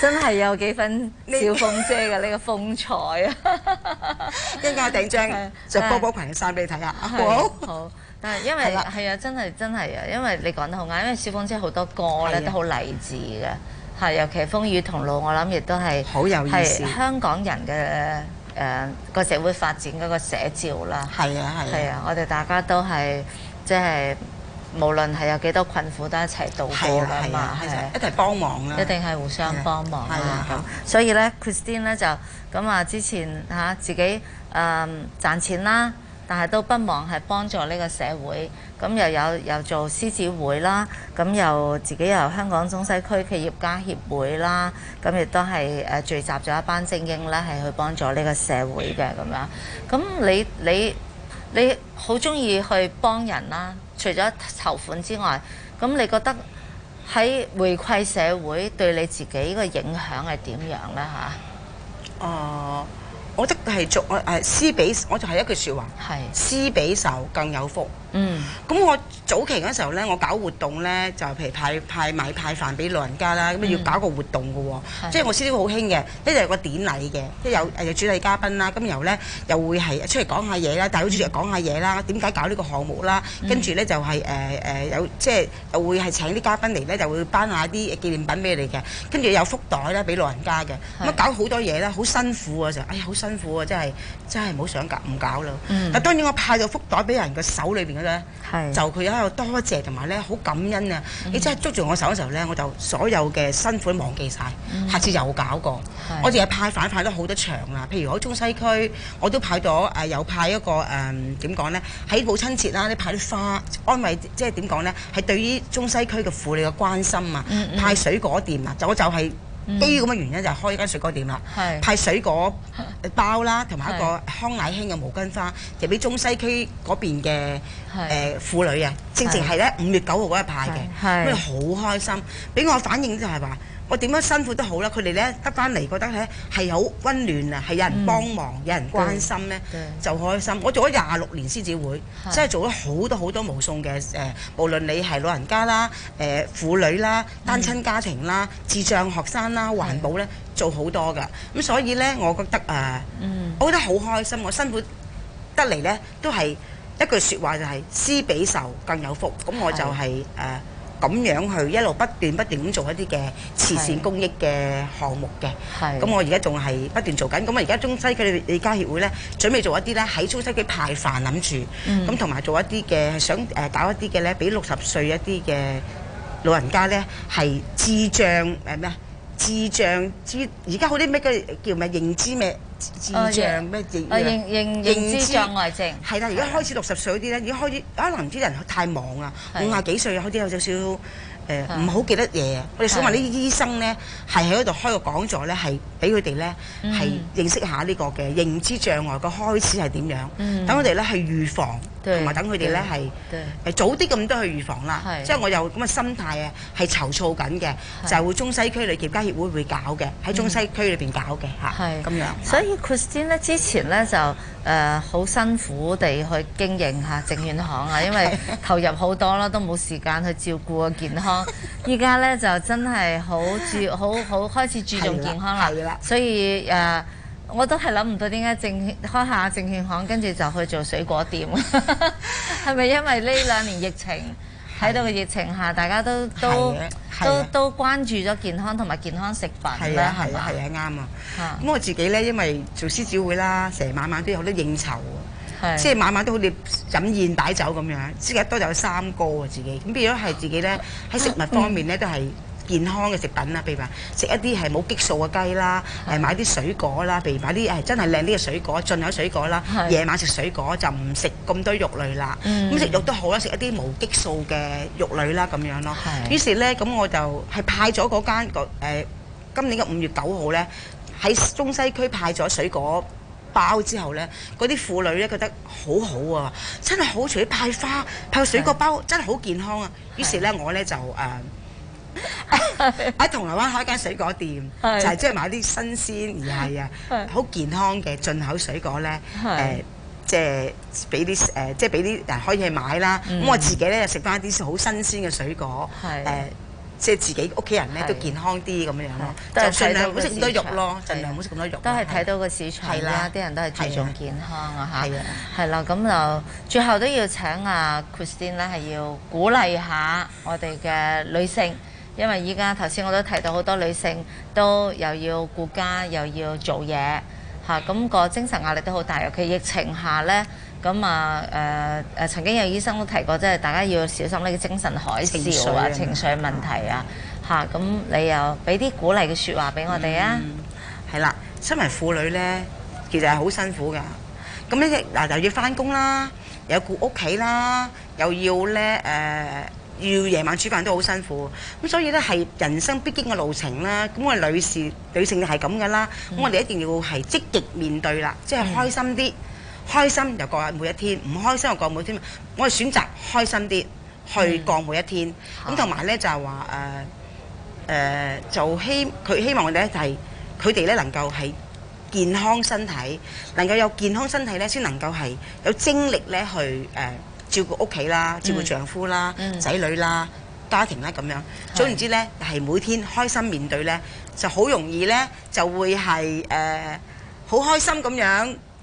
真係有幾分小鳳姐嘅呢個風采啊！一加頂張着波波裙衫俾你睇下。好好？好，但係因為係啊，真係真係啊，因為你講得好啱，因為小鳳姐好多歌咧都好勵志嘅。係，尤其風雨同路，我諗亦都係係、好有意思啊，香港人嘅誒個社會發展嗰個寫照啦。係啊，係啊，我哋大家都係即係無論係有幾多困苦，都、啊啊啊啊啊啊、一齊度過㗎嘛，係一齊幫忙啦，一定係互相幫忙啊，咁、啊。所以咧 Christine 咧就咁啊，之前嚇自己誒賺、呃、錢啦。但係都不忘係幫助呢個社會，咁又有又做獅子會啦，咁又自己又香港中西區企業家協會啦，咁亦都係誒聚集咗一班精英咧，係去幫助呢個社會嘅咁樣。咁你你你好鍾意去幫人啦，除咗籌款之外，咁你覺得喺回饋社會對你自己個影響係點樣呢？吓。哦。我的係俗，誒施比我就係一句說話，是施比受更有福。嗯，咁我早期嗰陣時候咧，我搞活動咧，就譬如派派,派米派飯俾老人家啦，咁、嗯、啊要搞個活動嘅喎、哦，即係我師傅好興嘅，一就有個典禮嘅，一有誒、嗯、有主題嘉賓啦，咁然後咧又會係出嚟講下嘢啦，代表主席講下嘢啦，點解搞呢個項目啦，跟住咧就係誒誒有即係又會係請啲嘉賓嚟咧，就會頒下啲紀念品俾你嘅，跟住有福袋咧俾老人家嘅，咁啊搞好多嘢啦，好辛苦啊就，哎呀好辛苦啊真係真係唔好想不搞唔搞啦，但當然我派咗福袋俾人嘅手裏邊。咧，就佢喺度多謝同埋咧，好感恩啊、嗯！你真係捉住我手嘅時候咧，我就所有嘅辛苦都忘記晒、嗯。下次又搞過。我哋係派反派都好多場啦，譬如我喺中西區，我都派咗誒，又、呃、派一個誒點講咧，喺、呃、母親節啦，你派啲花安慰，即係點講咧，係對於中西區嘅婦女嘅關心啊，派水果店啊，就我就係、是。嗯嗯。嗯、基於咁嘅原因就係開一間水果店啦，派水果包啦，同埋一個康乃馨嘅毛巾花，是就俾中西區嗰邊嘅誒、呃、婦女啊，正正係咧五月九號嗰日派嘅，佢哋好開心，俾我反應就係、是、話。我點樣辛苦都好啦，佢哋咧得翻嚟覺得咧係好温暖啊，係有人幫忙、嗯、有人關心咧就開心。我做咗廿六年獅子會，真係做咗好多好多無送嘅誒，無論你係老人家啦、誒、呃、婦女啦、單親家庭啦、嗯、智障學生啦、環保咧，做好多噶。咁所以咧，我覺得啊、呃嗯，我覺得好開心。我辛苦得嚟咧，都係一句説話就係、是、施比受更有福。咁我就係、是、誒。是呃咁樣去一路不斷不斷咁做一啲嘅慈善公益嘅項目嘅，咁我而家仲係不斷在做緊。咁啊而家中西區李家協會咧，準備做一啲咧喺中西區派飯諗住，咁同埋做一啲嘅想誒搞一啲嘅咧，俾六十歲一啲嘅老人家咧係智障誒咩智障，知而家好啲咩嘅叫咩認知咩智障咩認認認知障礙症係啦，而家開始六十歲啲咧，而家開始可能啲人太忙啊，五廿幾歲又開始有少少。誒唔好記得嘢，我哋想問呢啲醫生咧係喺嗰度開個講座咧，係俾佢哋咧係認識一下呢個嘅認知障礙嘅開始係點樣，等佢哋咧去預防，同埋等佢哋咧係早啲咁多去預防啦。即係我又咁嘅心態啊，係籌措緊嘅，就係、是、會中西區裏面家協會會，會搞嘅，喺中西區裏邊搞嘅嚇，咁、嗯、樣。所以 Christine 咧之前咧就誒好、呃、辛苦地去經營下證券行啊，因為投入好多啦， 都冇時間去照顧個健康。依家咧就真係好注好好開始注重健康啦，所以誒，uh, 我都係諗唔到點解證開下證券行，跟住就去做水果店，係 咪因為呢兩年疫情喺度嘅疫情下，大家都都都都關注咗健康同埋健康食品啦，係啊係啊係啊啱啊！咁我自己咧，因為做獅子會啦，成晚晚都有好多應酬。即係晚晚都好似飲宴擺酒咁樣，即係多就有三高啊自己。咁變咗係自己咧，喺食物方面咧都係健康嘅食品啦。譬如話食一啲係冇激素嘅雞啦，誒買啲水果啦，譬如買啲係真係靚啲嘅水果，進口水果啦。夜晚食水果就唔食咁多肉類啦。咁食肉都好啦，食一啲冇激素嘅肉類啦咁樣咯。於是咧，咁我就係派咗嗰間個誒今年嘅五月九號咧，喺中西區派咗水果。包之後呢，嗰啲婦女呢覺得好好啊，真係好，除咗派花、派水果包，真係好健康啊。是於是呢，我呢就誒喺銅鑼灣開一間水果店，就係即係買啲新鮮而係啊好健康嘅進口水果呢，誒即係俾啲誒即係俾啲人可以去買啦。咁我自己呢食翻啲好新鮮嘅水果，誒。呃即係自己屋企人咧都健康啲咁樣樣咯，就算係唔好食咁多肉咯，儘量唔好食咁多肉。都係睇到個市場啦，啲人都係注重健康啊，係啦，咁就最後都要請阿 Christine 咧，係要鼓勵下我哋嘅女性，因為依家頭先我都提到好多女性都又要顧家，又要做嘢嚇，咁個精神壓力都好大，尤其疫情下咧。咁啊誒誒曾經有醫生都提過，即係大家要小心呢個精神海嘯啊、情緒問題啊嚇。咁你又俾啲鼓勵嘅説話俾我哋啊？係、嗯、啦，身為婦女咧，其實係好辛苦噶。咁呢隻嗱又要翻工啦，又要顧屋企啦，又要咧誒要夜、呃、晚煮飯都好辛苦。咁所以咧係人生必經嘅路程啦。咁我哋女士女性就係咁噶啦。咁我哋一定要係積極面對啦、嗯，即係開心啲。嗯。開心又過每一天，唔開心又過每一天。我係選擇開心啲去過每一天。咁同埋呢就係話誒誒就希佢希望我哋呢就係佢哋呢能夠係健康身體，能夠有健康身體呢先能夠係有精力呢去誒照顧屋企啦、照顧丈夫啦、仔女啦、家庭啦咁樣。總言之呢係每天開心面對呢就好容易呢就會係誒好開心咁樣。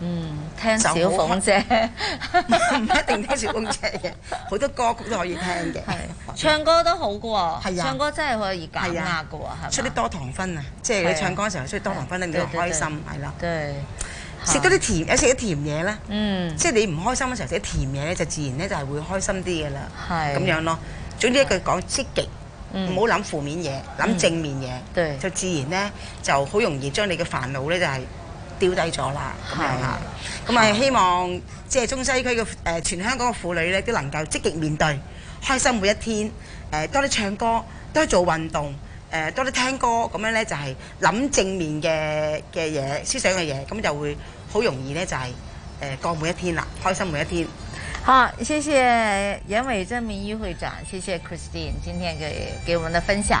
嗯，聽小鳳姐唔 一定聽小鳳姐嘅，好 多歌曲都可以聽嘅、嗯。唱歌都好嘅喎、啊，唱歌真係可以減壓嘅、啊、出啲多糖分啊，即係你唱歌嘅時候出啲多糖分、啊、你就開心係啦。對，食多啲甜，有食啲甜嘢咧。即係、啊就是、你唔開心嘅時候食啲甜嘢咧、嗯，就自然咧就係會開心啲嘅啦。係咁樣咯。總之一句講積極，唔好諗負面嘢，諗正面嘢，就自然咧、嗯、就好容易將你嘅煩惱咧就係、是。掉低咗啦，咁係啦，咁啊希望即係、就是、中西區嘅誒、呃、全香港嘅婦女咧，都能夠積極面對，開心每一天。誒、呃、多啲唱歌，多啲做運動，誒、呃、多啲聽歌，咁樣咧就係、是、諗正面嘅嘅嘢，思想嘅嘢，咁就會好容易咧就係、是、誒、呃、過每一天啦，開心每一天。好，謝謝嚴偉貞名譽會長，謝謝 Christine 今天嘅給我們的分享。